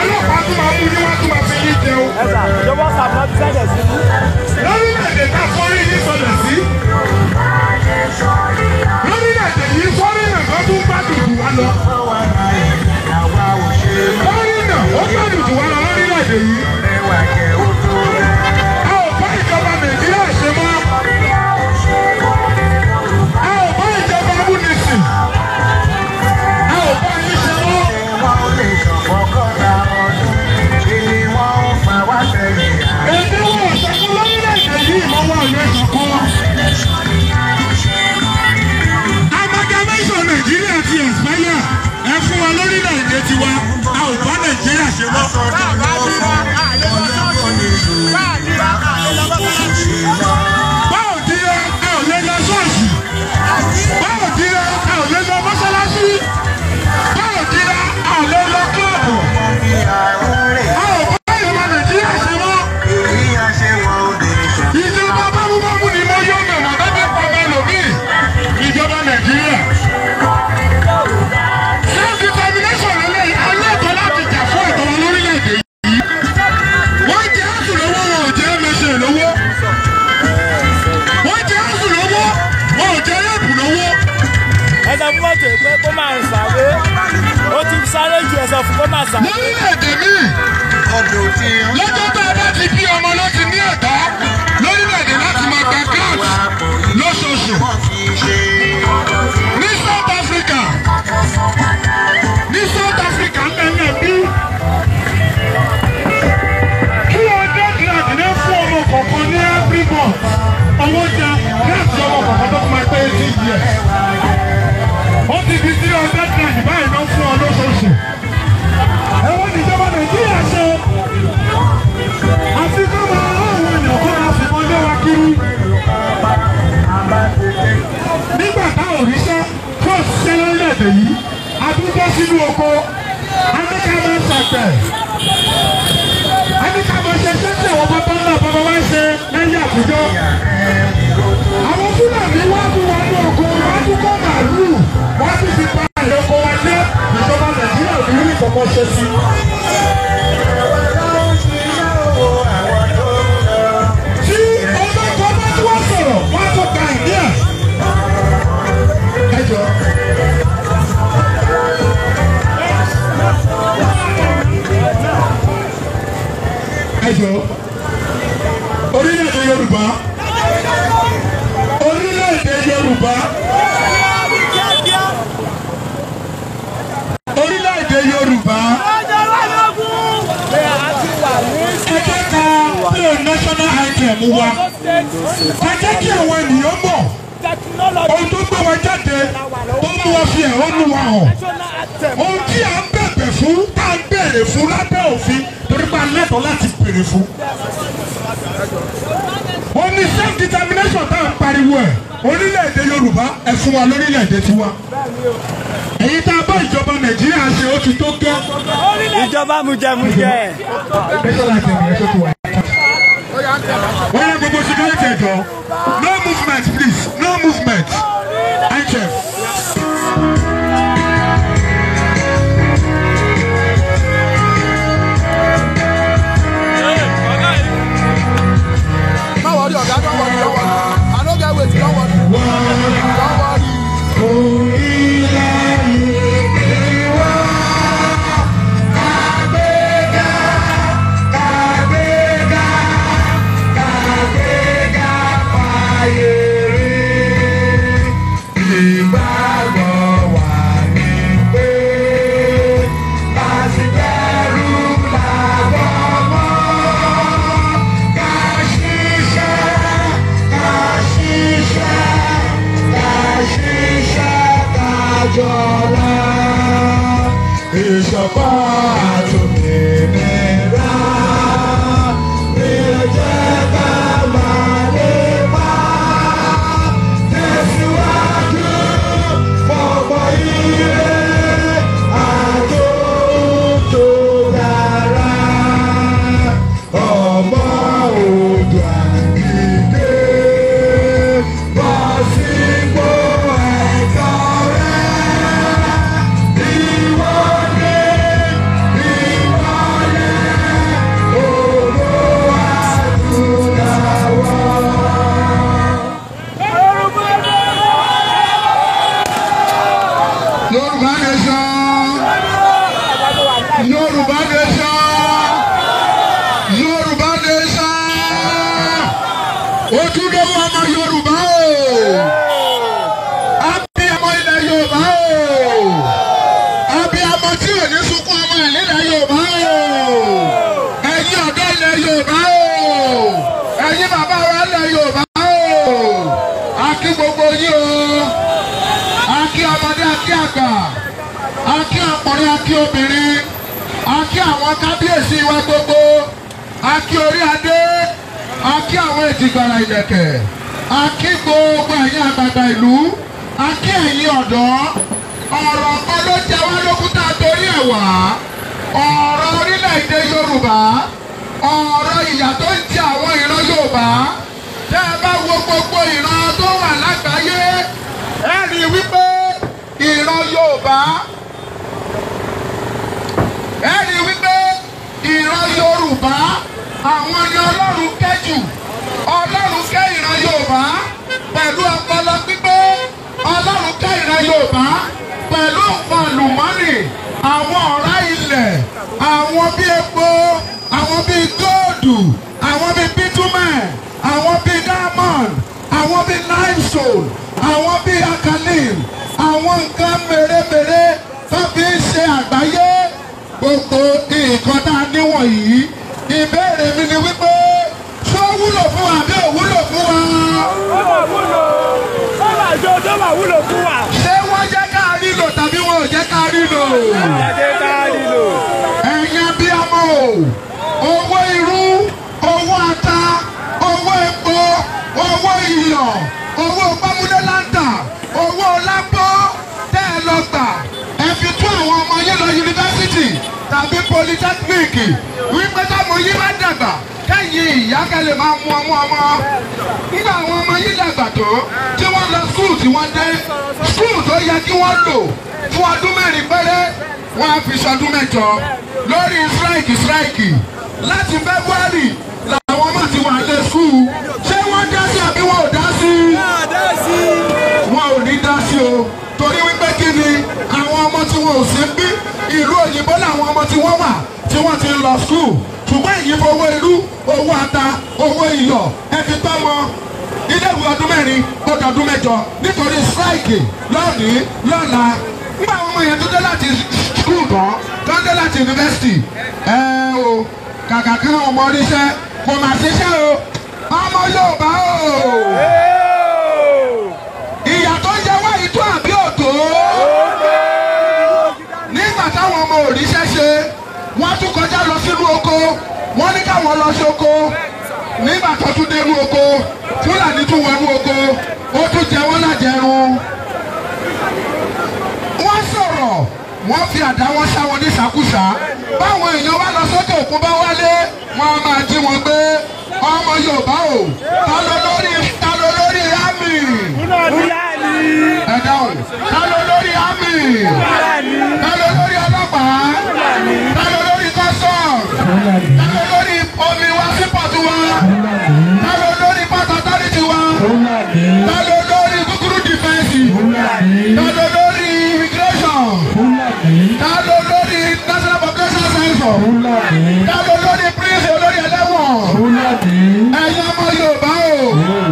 [SPEAKER 1] ọlọ́pàá tún máa mú ní tún máa fi yín jẹun. ẹ sà ìjọba sàmúlọ́ ti
[SPEAKER 3] ṣẹ́jẹ̀ sí lórílẹ̀-èdè yìí gómìnà kan tún bá dùdù wá lọ. gómìnà ó bá dùdù wá lọ lórílẹ̀-èdè yìí. a ò bá ìjọba nàìjíríà ṣe mọ́. a ò bá ìjọba amúnisìn. a ò bá yín ṣe mọ́. èdè wọn ò sọ fún lórílẹ̀-èdè yìí ìmọ̀wọ́ ò lè sọ fún wọn. tiwa a ò bá nàìjíríà ṣe mọ́. olúwa hàn ohun tí à ń bẹ̀bẹ̀ fún tá à ń bẹ̀rẹ̀ fún lábẹ́ òfin torí pa lẹ́tọ̀ọ́ láti bèrè fún. ó ní self determination tá à ń pariwo ẹ̀ orílẹ̀-èdè Yorùbá ẹ̀ fún wa lórílẹ̀-èdè tiwa èyí tá a bá ìjọba Nàìjíríà ṣe ó ti tó gẹ́. ìjọba mujẹmujẹ. wọ́n yẹ gbogbo security ẹ̀jọ̀ no movement please no movement. Bye. akí obìnrin akí àwọn kábíyèsí wa gbogbo akí orí adé akí àwọn ètìgbàrà ìlẹ̀kẹ̀ akí gbogbo ẹ̀yin àgbàgbà ìlú akí ẹ̀yin ọ̀dọ́ ọ̀rọ̀ kan ló jẹ wá lókun tá a torí ẹ̀ wá ọ̀rọ̀ orílẹ̀-èdè Yorùbá ọ̀rọ̀ ìyà tó ń jẹ àwọn ìran Yorùbá tẹ́ ẹ bá wo gbogbo ìran tó wà lágbàáyé ẹ wípé ìran Yorùbá ẹ rí wípé ìran Yorùbá àwọn ni Ọlọ́run kẹ́ jù Ọlọ́run kẹ́ ìran Yorùbá pẹ̀lú ọpọlọ pípé Ọlọ́run kẹ́ ìran Yorùbá pẹ̀lú nǹkan àlùmọ́nì àwọn ọ̀rá ilẹ̀ àwọn bíi epo àwọn bíi góòdù àwọn bíi bitumen àwọn bíi diamond àwọn bíi limestone àwọn bíi akalim àwọn nǹkan mèremère tó fi ń ṣe àgbáyé gbogbo nǹkan tá a níwọ̀n yìí ìbéèrè mi ni wípé ṣó wúlò fún wa àbí ò wúlò fún wa. ó mà wúlò ó mà jọ tó mà wúlò fún wa. ṣé wọ́n jẹ́ ká rí lò tàbí wọn ò jẹ́ ká rí lò. ẹ̀yin abiyamọ o owó irú owó ata owó epo owó iyọ̀ owó gbámúdé láńtà owó lápò tẹ́ ẹ lọ gbà ẹ fi tún àwọn ọmọ yín lọ yunifásitì tàbí polytechnic wípé táwọn ọmọ yìí bá dàgbà kẹ́yìn ìyá kẹ́lẹ̀ máa mú ọmọ ọmọ nígbà àwọn ọmọ yìí dàgbà tó tí wọ́n lọ skul tí wọ́n dé skul tó yẹ kí wọ́n lò fún ọdún mẹ́rin péré wọ́n á fi ṣọdún mẹ́jọ lórí strike strike láti february làwọn ọmọ ti wà lé skul ṣé wọ́n dá sí àbí wọn ò dá sí wọn ò ní dá sí o wọn ò sí bí ìlú òyìnbó làwọn ọmọ tí wọ́n wà tí wọ́n ti lọ skul ṣùgbọ́n ìyìnbó owó irú owó ata owó iyọ̀ ẹ fi tọ́ mọ iléèwé ọdún mẹ́rin ó dọdún mẹ́jọ nítorí strike lónìí lọ́la nígbà àwọn ọmọ yẹn tó dé láti skul tán tó dé láti yunifásitì ẹ o kàkà kí wọn mọ oníṣẹ́ kò mà ṣiṣẹ́ o ọmọ Yorùbá o. Yeah. wọ́n ní káwọn lọ sóko nígbà tó tún dénú oko fúlàní tún wọnú oko ó tún jẹ wọ́n lájẹrun wọ́n sọ̀rọ̀ wọ́n fi àdá wọn sá wọn ní sàkúsà báwọn èèyàn wá lọ sókè òkun bá wálé wọn a máa jí wọn gbé ọmọ Yorùbá o ta ló lórí ta ló lórí àmì ẹ dáhùn ta ló lórí àmì ta ló lórí ọlọ́pàá ta ló lórí kọsán omi wa sí pọ̀tù wa ta ló lórí port authority wa ta ló lórí kúkúrú dìfẹ́ǹsì ta ló lórí immigration ta ló lórí national population census ta ló lórí prince olórí ẹlẹ́wọ̀n ẹ̀yin ọmọ Yorùbá o.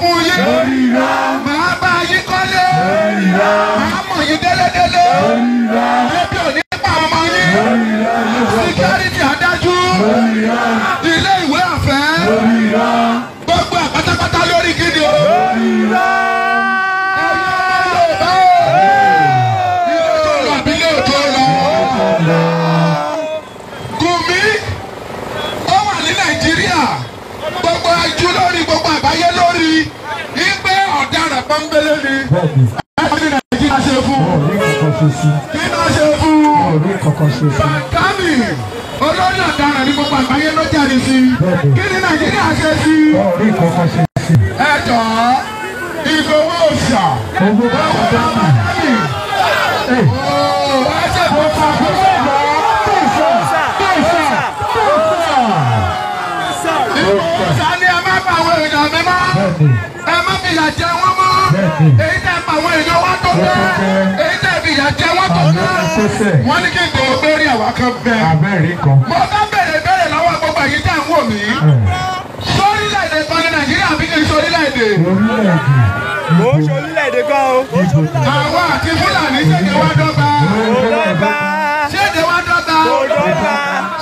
[SPEAKER 3] fún yín. màá bá yín kọ́lé. màá mọ̀ yín délédélé. ebi ò ní pa ọmọ yín. síkírítì adájú. pọ́nbélé ni ẹni nàìjíríà ṣe fún kí náà ṣe fún bàtàmì olórí ọ̀daràn ní gbogbo àgbáyé ló jáde sí kí ni nàìjíríà ṣe sí ẹjọ́ ìgbowó òòṣà owó bàtàmì ẹjẹ̀ tó fà kúrò. Ẹ má bàwọn èèyàn mi mọ́, ẹ má bìyà jẹun èyí tẹ́ pa àwọn èèyàn wa tó tẹ́ èyí tẹ́ fi ìyà jẹ wọ́n tó tẹ́ wọ́n ní kí n gbọ́ lórí àwa kan bẹ́ẹ̀. mo bá bẹ̀rẹ̀ bẹ̀rẹ̀ lọ́wọ́ gbogbo èyí tẹ́ ń wò mí sórílẹ̀-èdè kan ní Nàìjíríà bí kì í sórílẹ̀-èdè. mo ń sórílẹ̀-èdè kan o. àwa àti Fúlàní ṣèdè wa dọ́gba. ṣèdè wa dọ́gba.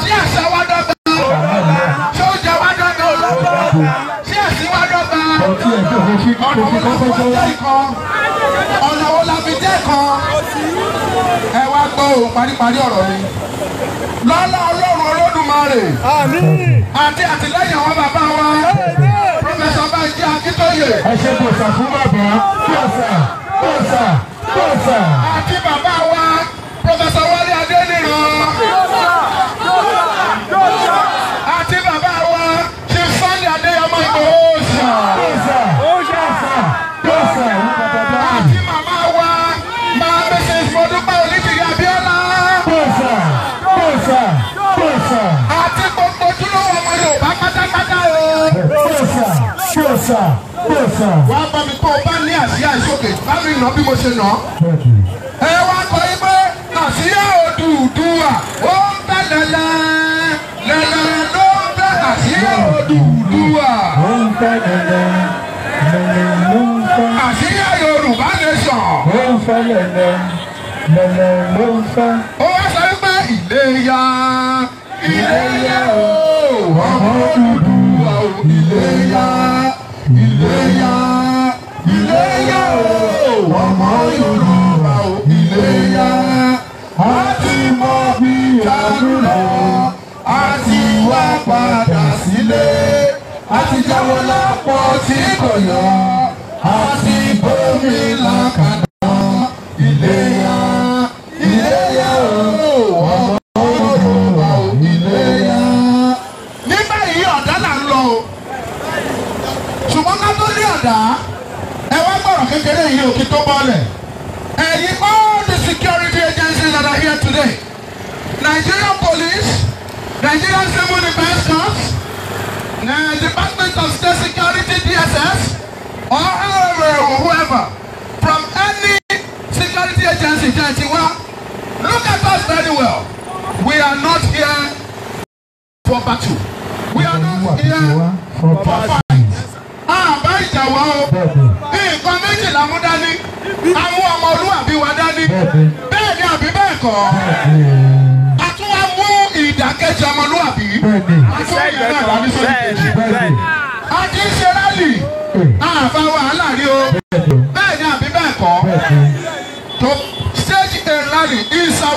[SPEAKER 3] ṣé àṣà wa dọ́gba. ọ̀nà wo la fi jẹ́ kan ọ̀nà wo la fi jẹ́ kan ẹ wá gbọ́ òun paríparí ọ̀rọ̀ mi lọ́lá ọlọ́run olódùmarè àti àtìlẹ́yìn àwọn bàbá wa pọfẹsọ Bánjí Akíntóyè. ẹ ṣe kò sà fún bàbá kò sà kò sà kò sà. àti bàbá wà á bá mi kó o bá ní àsíá ìsókè bá mi nà bí mo ṣe nà. ẹ wá kọ yí pé àsíá Odùduwà ó ń bẹ lẹ́lẹ́ lẹ́lẹ́ ló ń bẹ àsíá Odùduwà. ó ń bẹ lẹ́lẹ́ lẹ́lẹ́ ló ń bẹ. àsíá Yorùbá nation. ó ń fẹ́ lẹ́lẹ́ lẹ́lẹ́ ló ń fẹ́. ó wá sọ wípé Iléyá Iléyá o ọmọ Odùduwà. jùlọ a ti wá padà sílé a ti jáwọ́ lápọ̀ tí kò yọ.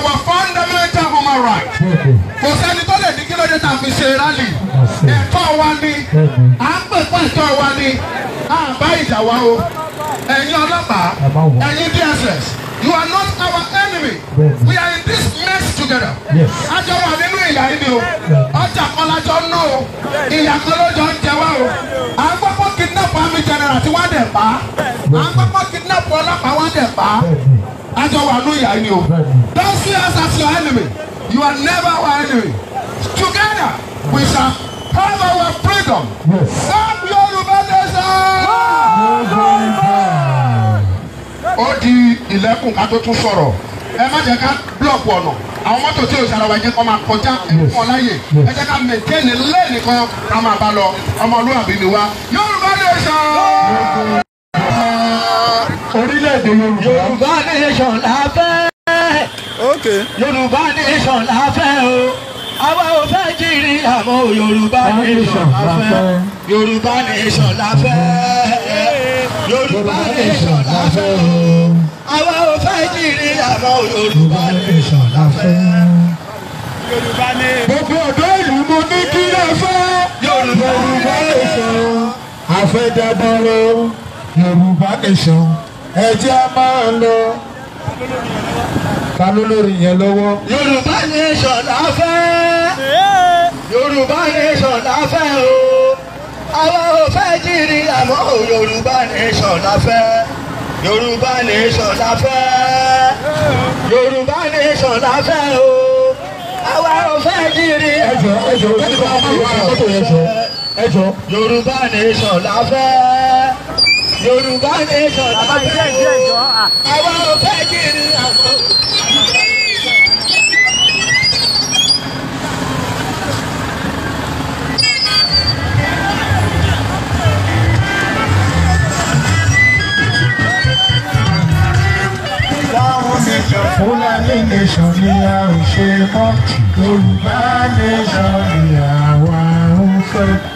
[SPEAKER 3] our fundamental human right. kò sẹ́ni tó lè ní kí ló dé tá a fi ṣe rálì. ẹ̀tọ́ wa ni à ń pè fún ẹ̀tọ́ wa ni à ń bá ìjà wa o. ẹ̀yin ọlọ́pàá ẹ̀yin DSS you are not our enemy we are in this mess together. ajọ wà nínú ìyà yìí ni o ọjà kan lájọ ń ná o ìyà kan ló jọ ń jẹ wá o. à ń gbọ́ fún kidnap army general tí wọ́n dẹ̀ pa à ń kọ́kọ́ kidnap ọlọ́pàá wọn dẹ̀ pa àjọ wà ló yà ni o don't see us as your enemy you are never our enemy together we shall have our freedom serve Your nation. ó di ilẹ̀kùn ká tó tún sọ̀rọ̀ ẹ má jẹ́ ká búlọ̀kù ọ̀nà àwọn mọ́tò tí òṣèlú àwọn ẹ̀jẹ̀ kan máa kọjá ẹ̀kọ́ láyè ẹ jẹ́ ká mẹ̀tẹ́ẹ̀nì lẹ́ẹ̀nìkan ká máa bá lọ ọmọlúwàbí ni wá Yorùbá nation orílẹ̀-èdè Yorùbá. Yorùbá nation la fẹ́. Okay. Yorùbá nation la fẹ́ o àwa ò fẹ́ jírí àmọ́ Yorùbá nation la fẹ́ Yorùbá nation la fẹ́ Yorùbá nation la fẹ́ o àwa ò fẹ́ jírí àmọ́ Yorùbá nation la fẹ́. gbogbo ọ̀dọ́ ìlú mo ní kí lè fẹ́ Yorùbá nation àfẹ́ dandan o Yorùbá nation ẹ a máa lọ. ta ló lórí yẹn lọ́wọ́. Yorùbá nation la fẹ́ Yorùbá nation la fẹ́ o àwa ò fẹ́ jírí àmọ́ Yorùbá nation la fẹ́ Yorùbá nation la fẹ́ Yorùbá nation la fẹ́ o àwa ò fẹ́ jírí ẹjọ́ ẹjọ́ ẹjọ́ ẹjọ́ Yorùbá nation la fẹ́. Yorùbá nation àbúrò
[SPEAKER 2] àwa ò fẹ́ kiri àwọn.
[SPEAKER 3] Fúlàní nation ni a ò ṣe mọ́ Yorùbá nation ni àwa ń fẹ́.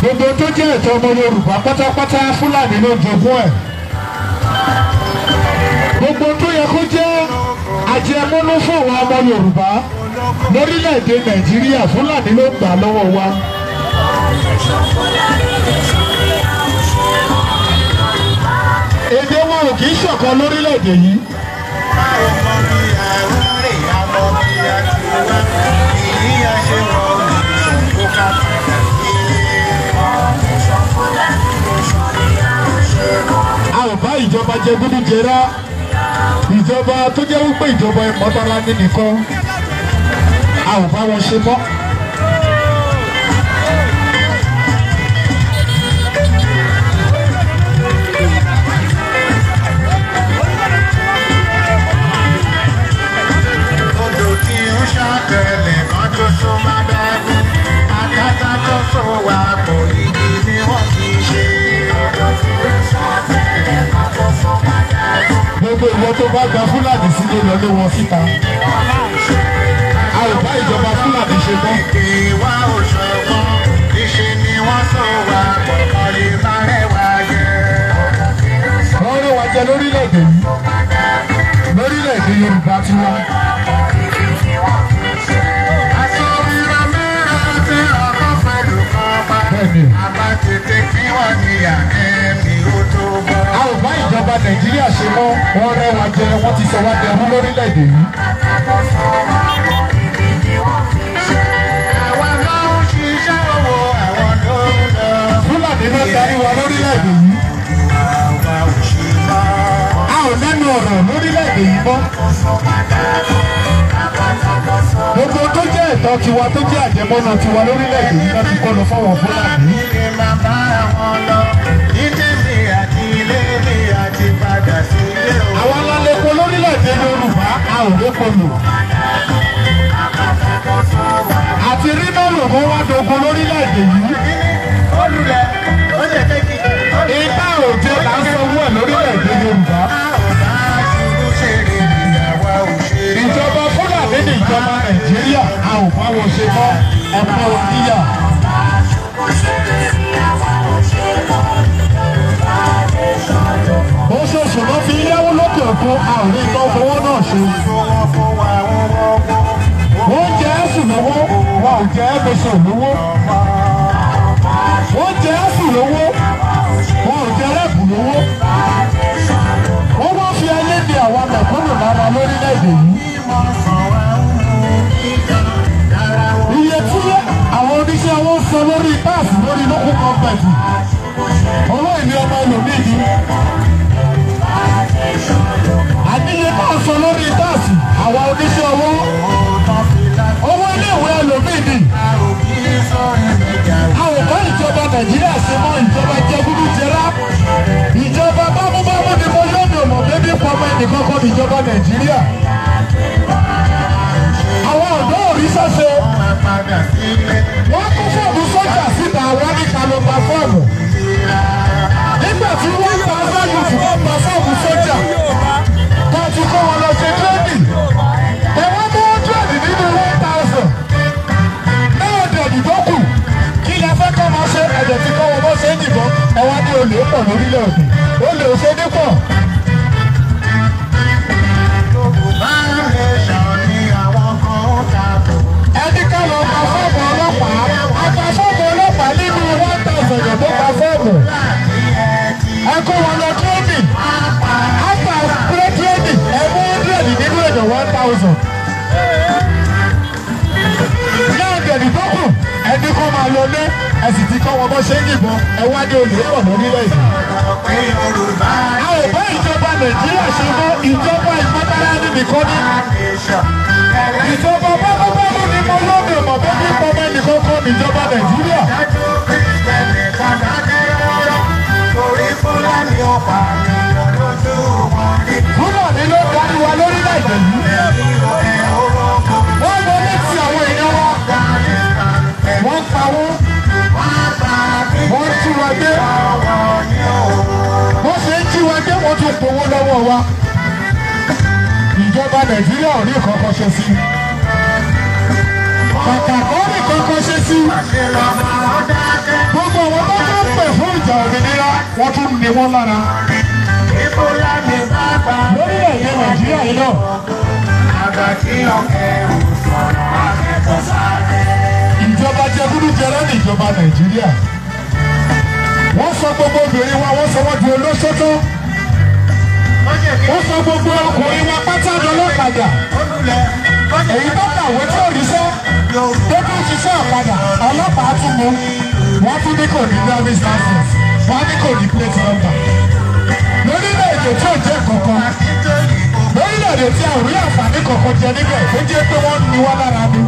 [SPEAKER 3] gbogbo tó jẹ́ ẹ̀tọ́ ọmọ Yorùbá pátápátá Fúlàní ló jogún ẹ̀ gbogbo tó yẹ kó jẹ́ ajẹmúnú fún àwọn ọmọ Yorùbá lórílẹ̀‐èdè Nàìjíríà Fúlàní ló gbà lọ́wọ́ wa. èdè wọn ò kì í ṣọ̀kan lórílẹ̀‐èdè yìí. Thank you. ìjọba jẹgúdú jẹrá ìjọba tó jẹ́ wípé ìjọba ìmọ̀tara ní nìkan a ò bá wọn ṣe mọ́. Tẹ̀lé mọ́tò súnmọ́ bẹ́ẹ̀ ni, àkàtà tó sún wà kò ní. gbogbo ìwọ tó bá gba fúlàní sílé lọlé wọn síta a ò bá ìjọba fúlàní ṣe mọ́. ìwà oṣù ẹ̀fọn ìṣe ni wọ́n sọ wà pọ̀ lè má rẹwà jẹ. wọ́n rán wa jẹ lórílẹ̀‐èdè yìí lórílẹ̀‐èdè Yorùbá tiwa. àbá tètè kí wọ́n ti yà ó tó bọ́. a ò bá ìjọba nàìjíríà ṣe mọ́ wọ́n rẹ́ wa jẹ wọ́n ti sọ wá di ọmọ lórílẹ̀‐èdè yìí.
[SPEAKER 2] àwọn ló ń ṣiṣẹ́ owó àwọn ló ń lọ. fúlàní ló darí wa lórílẹ̀‐èdè
[SPEAKER 3] yìí. a ò lẹ́nu ọ̀rọ̀ lórílẹ̀‐èdè yìí mọ́
[SPEAKER 2] gbogbo tó jẹ́ ẹ̀tọ́ tiwa tó jẹ́ àjẹmọ́nú tiwa lórílẹ̀‐èdè yìí láti kọ́nu fáwọn
[SPEAKER 3] fúlàní. àwọn alálẹ́kọ̀ọ́ lórílẹ̀‐èdè Yorùbá a ò rékọlù. mọ́ ẹ̀fọ́ oníyà. ó ṣe ṣùgbọ́n fi yẹ́wó lókè òkun àwọn ìtàn fowó náà ṣe. oúnjẹ ẹ̀sùn lówó wọn ò jẹ́ ẹ̀fẹsẹ̀ lówó. oúnjẹ ẹ̀sùn lówó wọn ò jẹ́ ẹ̀bùn lówó. ó wọ́n fi ayé di àwọn mẹ̀kúnnù lára lórílẹ̀‐èdè yìí. staff lórí local government olóyìnbí ọmọ ẹlòmíì ni àníyé náà sọ lórí táàsì àwa oníṣẹ́ owó owó iléèwé ẹlòmíì ni a ò kọ́ ìjọba nàìjíríà sí mọ́ ìjọba jẹgúdú jẹrá ìjọba bámúbámú ni mo yọ̀ mi ò mọ̀ bébí pọ́mọ ẹnì kankan ìjọba nàìjíríà rí sọ́ṣe. wọ́n kó fọ́ọ̀mù sọ́jà síta wọ́n ní ká ló pa fọ́ọ̀mù. nígbà tí wọ́n pa fọ́ọ̀mù tí wọ́n pa fọ́ọ̀mù sọ́jà tó ti kó wọn lọ ṣe tírẹ́dì. ẹ̀wọ́n mú tírẹ́dì nínú one thousand. náà dẹ̀bì tó kù kí lẹ fẹ́ kọ́ máa ṣe ẹ̀jẹ̀ tí kọ́ wọn bọ́ ṣe é nìbọn ẹ̀wọ́n ní olè pọ̀ lórílẹ̀ òdì olè òṣèlú pọ̀. tó pa fọ́ọ̀mù ẹ kó wọn lọ training after spray training ẹ mú hundred nínú èèyàn one thousand ní àgbẹ̀bí tó kù ẹni kó máa lọ lé ẹ sì ti kọ́ wọn bọ́ ṣe ń yìnbọn ẹ wá ní olè wọ̀ lórí lẹ́yìn. a ò bá ìjọba nàìjíríà ṣe mọ́ ìjọba ìmọ̀tàlánì nìkan ní. ìjọba bábábábá ni mo lọ́ọ̀dẹ̀ mọ̀ bẹ́ẹ̀ ní pọ́nmẹ́ nìkan kọ́ níjọba nàìjíríà tẹ̀lé kàdá dẹ́rọ́rọ́ torí fúlàní ọ̀pá èèyàn lójú wọn rí. fúlàní ló darí wa lórílẹ̀-èdè yìí. ẹ̀rí ọ̀rẹ́ orókó. wọ́n lọ létí àwọn èèyàn wa. wọ́n pawó. wọ́n tú wa dé. wọ́n ṣe ń jí wa dé wọ́n tún gbowó lọ́wọ́ wa. ìjọba nàìjíríà ò ní kankan ṣe sí i kàkà kọ́ ní kankan ṣe sí. gbogbo àwọn tó bá pè fún ìjà òmìnira wọ́n tún ní wọ́n lára.
[SPEAKER 2] lórí ẹ̀yẹ nàìjíríà yìí náà.
[SPEAKER 3] ìjọba jẹgúdújẹrá ní ìjọba nàìjíríà wọ́n sọ gbogbo obìnrin wa wọ́n sọ wọ́n di olóṣótó ó sọ gbogbo ọkùnrin wọn pátá lọ́lọ́kadà èyí tó kàwé tí ò ríṣẹ́ tó bá ṣiṣẹ́ ọ̀kadà ọlọ́pàá tún mú wọ́n tún ní kò ní driving license wọ́n ní kò ní plate number lórílẹ̀ tí ò jẹ́ kankan lórílẹ̀ tí a ò rí àǹfààní kankan jẹ níbẹ̀ ó jẹ́ pé wọ́n ní wá lára ni.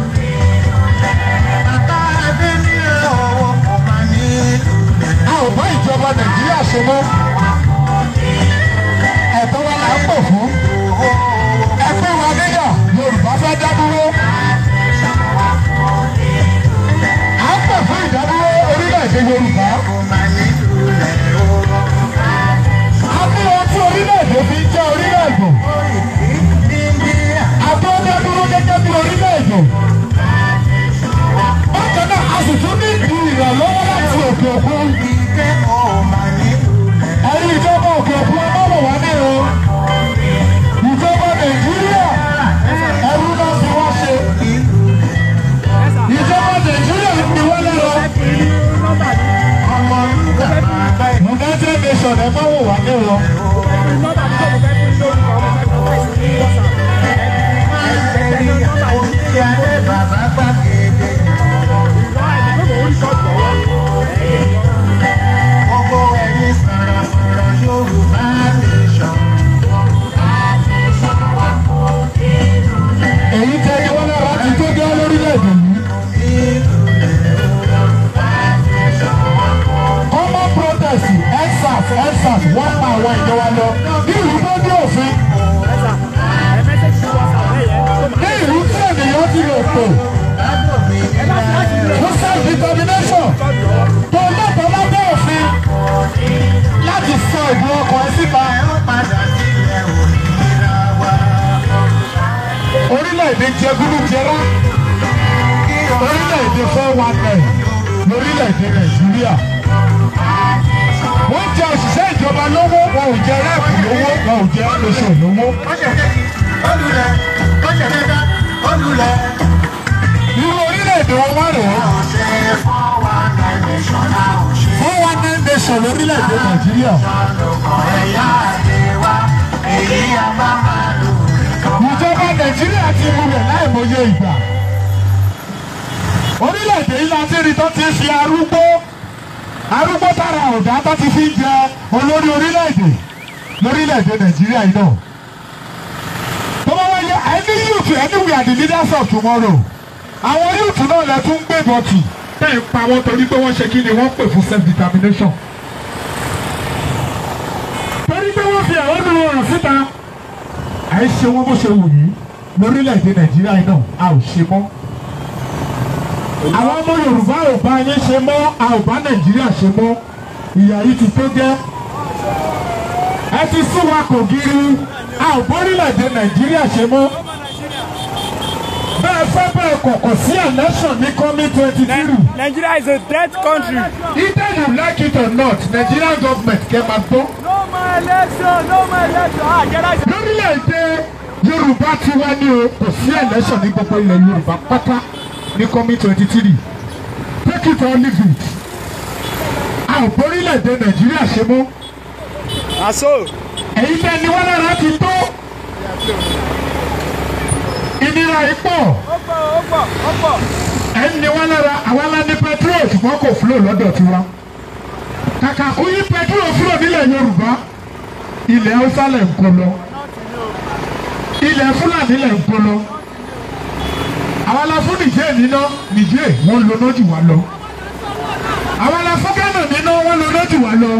[SPEAKER 3] a ò bá ìjọba nàìjíríà ṣe mọ́ ń pò fún ẹ fún wa níyà Yorùbá fẹ́ dádúró à ń pò fún ìdádúró orílẹ̀-èdè Yorùbá a ní ohun tí orílẹ̀-èdè fi jẹ́ orílẹ̀-èdè
[SPEAKER 2] àbọ̀ dádúró gẹ́gẹ́ bí orílẹ̀-èdè
[SPEAKER 3] bákan náà a sì tún ní ìrànlọ́wọ́ láti òkè òkun ẹ̀rí ìjọ. sọ̀rọ̀ ẹ má wò wá kẹ́wọ́. Bàbá àwùjọ wa lọ ní ìlú tó ní òfin ní ìlú tí ènìyàn ti
[SPEAKER 2] lè tò fún self determination
[SPEAKER 3] tó lẹ́tọ̀ọ́ lábẹ́ òfin láti sọ ìlú ọkùnrin síta. orílẹ̀-èdè jẹgúdújẹrá orílẹ̀-èdè fẹ́ wa nẹ̀ lórílẹ̀-èdè Nàìjíríà
[SPEAKER 2] wọ́n jẹ òṣìṣẹ́ ìjọba
[SPEAKER 3] lówó wọn ò jẹ rẹ́ẹ̀pù lówó wọn ò jẹ oṣù lówó. irú orílẹ̀-èdè wọn wá rèé. four one nine nation lórílẹ̀-èdè nàìjíríà. ìjọba nàìjíríà ti múlẹ̀ láìmọye ìgbà. orílẹ̀-èdè yìí tó ti fi arúgbó arúgbó tára ọ̀dà tó ti fi jẹ olórí orílẹ̀-èdè lórílẹ̀-èdè nàìjíríà yìí náà tó bá wá yẹ ẹni yùtù ẹni wíyà the leaders of tomorrow àwọn yùtù náà lẹ tún gbé bọ̀tì tẹ̀ ń pa wọn torí pé wọ́n ṣe kí ni wọ́n pè fún self determination torí pé wọ́n fi àwọn olùwọ̀n hàn síta àìṣe wọn bó ṣe wù yìí lórílẹ̀-èdè nàìjíríà yìí náà a ò ṣe mọ́ àwọn ọmọ Yorùbá ò bá yín ṣe mọ́ a ò bá Nàìjíríà ṣe mọ́ ìyà yìí ti tó jẹ́ ẹ ti sún wa kò giri a ò bórílẹ̀-èdè Nàìjíríà ṣe mọ́ bẹ́ẹ̀ fẹ́ bẹ́ẹ̀ kọ̀kọ̀ sí a ní coming twenty three. Nigeria is a dead country. Either you like it or not Nigerian government kẹ́ máa gbọ́. no more election no more election ah jẹ́rẹ́ ìṣẹ́. lórílẹ̀-èdè Yorùbá tiwa ni o kò sí election ní gbogbo ilẹ̀ Yorùbá pátá ní kọ́mí twenty three take it or leave it a ò borílẹ̀-èdè nàìjíríà ṣe mọ́. àṣọ. èyí tẹ́ ni wọ́n lára ti tó. ìnira ipò. ó pọ̀ ó pọ̀ ó pọ̀. ẹ̀ ń ni wọ́n lára àwa la ní pẹtrol ṣùgbọ́n kò fúlò lọ́dọ̀ tiwa. kàkà kú yí pẹtrol fúlò nílẹ̀ yorùbá ilẹ̀ haúsá lẹ̀ ń kó lọ ilẹ̀ fúlàní lẹ̀ ń kó lọ àwọn la fún nìjẹ́ níná nìjẹ́ wọ́n lọ́nà jù wá lọ àwọn la fún Kánò níná wọ́n lọ́nà jù wá lọ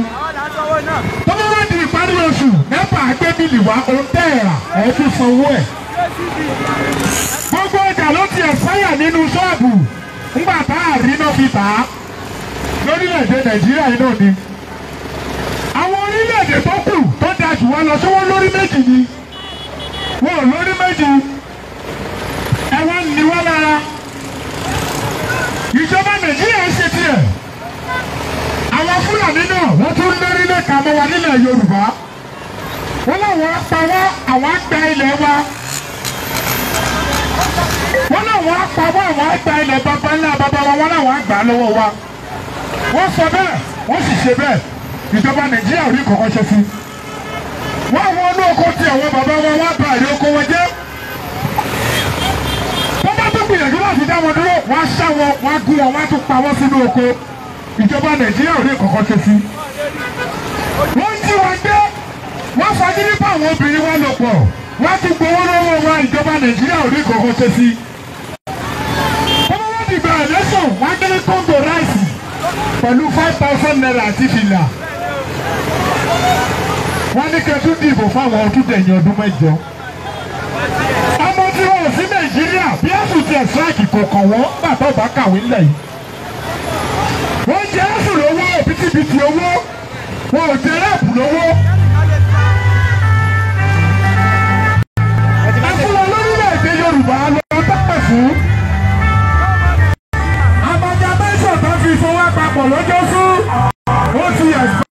[SPEAKER 3] tọ́wọ́ wá di ìparí oṣù nẹ́pà agbẹ́bìlì wa ó ń tẹ̀ra ẹ̀ fi sanwó ẹ̀ gbogbo ọjà ló ti ẹ̀sáyà nínú ṣọ́ọ̀bù ńgbà tá a rí náà fi tà á lórílẹ̀‐èdè Nàìjíríà yìí náà ni àwọn orílẹ̀‐èdè tó kù tó da jù wá lọ sówó lórí méjì ni wọn ò lórí méjì. kà mọ́ wa nílẹ̀ Yorùbá wọ́n láwọn apawọ́ àwọn àgbà ilẹ̀ wa wọ́n láwọn apawọ́ àwọn àgbà ilẹ̀ bàbá ńlá bàbá wa wọ́n láwọn àgbà lọ́wọ́ wa wọ́n sọ bẹ́ẹ̀ wọ́n sì ṣe bẹ́ẹ̀ ìjọba Nàìjíríà rí kọ̀ọ̀kan ṣe sí wọ́n wọ inú oko tí àwọn bàbá wọn wá bá àrí oko wọn jẹ́ tó bá tún gbìyànjú láti dá wọn dúró wọ́n á ṣá wọn wọ́n á gún wọn wọ́n tún pa wọ́n sínú oko ìjọba Nàìjíríà rí kọ̀ọ̀kan ṣe sí wọ́n jí wa gbé wọ́n fagídí pa àwọn obìnrin wa lò pọ̀ wọ́n ti gbowó lọ́wọ́ wa ìjọba nàìjíríà ò ní kankan ṣe sí. bọ́lá ti bẹ̀rẹ̀ lẹ́sùn wọ́n á gbé kóńgò ráìsì pẹ̀lú five thousand naira àti fìlà. wọ́n ní kẹ́tù dìbò fáwọn ọdún dẹ̀yìn ọdún mẹ́jọ. ọmọ tí wọn ò sí nàìjíríà bí ẹ̀sùn ti ẹ̀sùn àkìkò kàn wọ́n bàbá ọba kàwé ńlẹ̀ yìí. wọ́n jẹ́ ẹ̀sùn lówó òbítíbitì owó wọn ò jẹ rẹ́ẹ̀pù lọ́wọ́.
[SPEAKER 2] ẹ̀fọ́ lórílẹ̀‐èdè
[SPEAKER 3] Yorùbá lọ dápẹ̀ fún. àbájá mẹ́sàn-án tó fi fowó papọ̀ lọ́jọ́ fún. ó ti ẹ̀fọ́.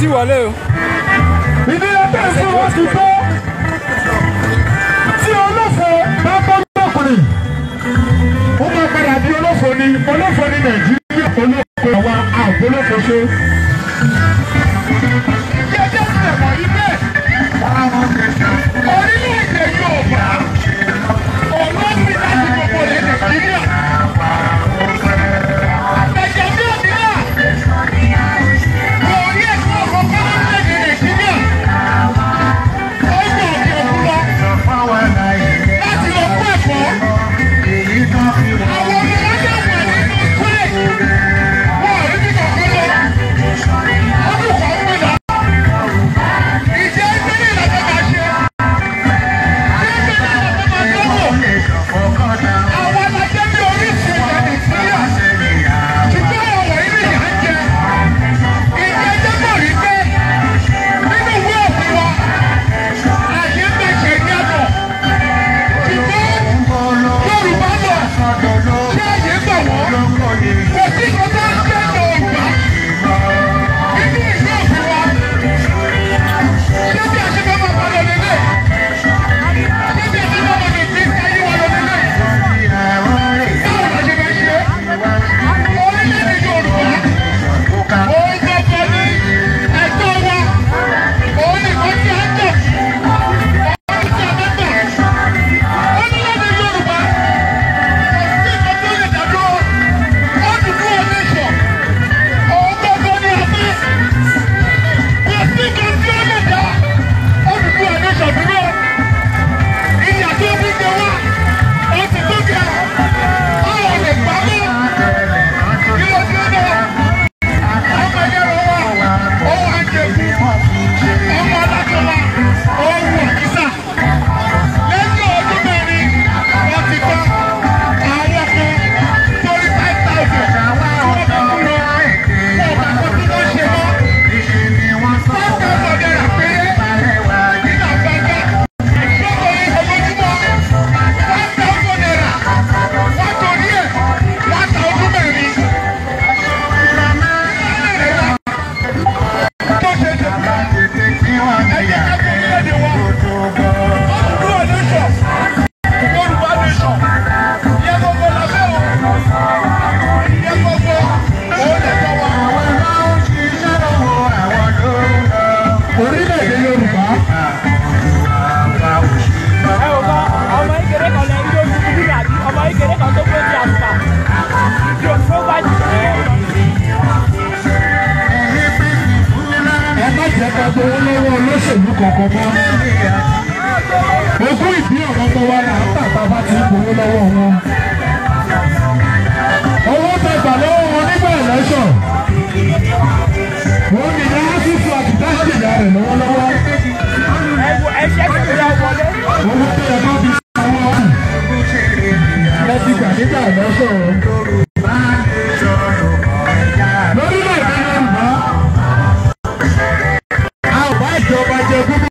[SPEAKER 3] tí wọlé o. ìpolówó ní Nàìjíríà ìpolówó àwa àpolówó ṣe.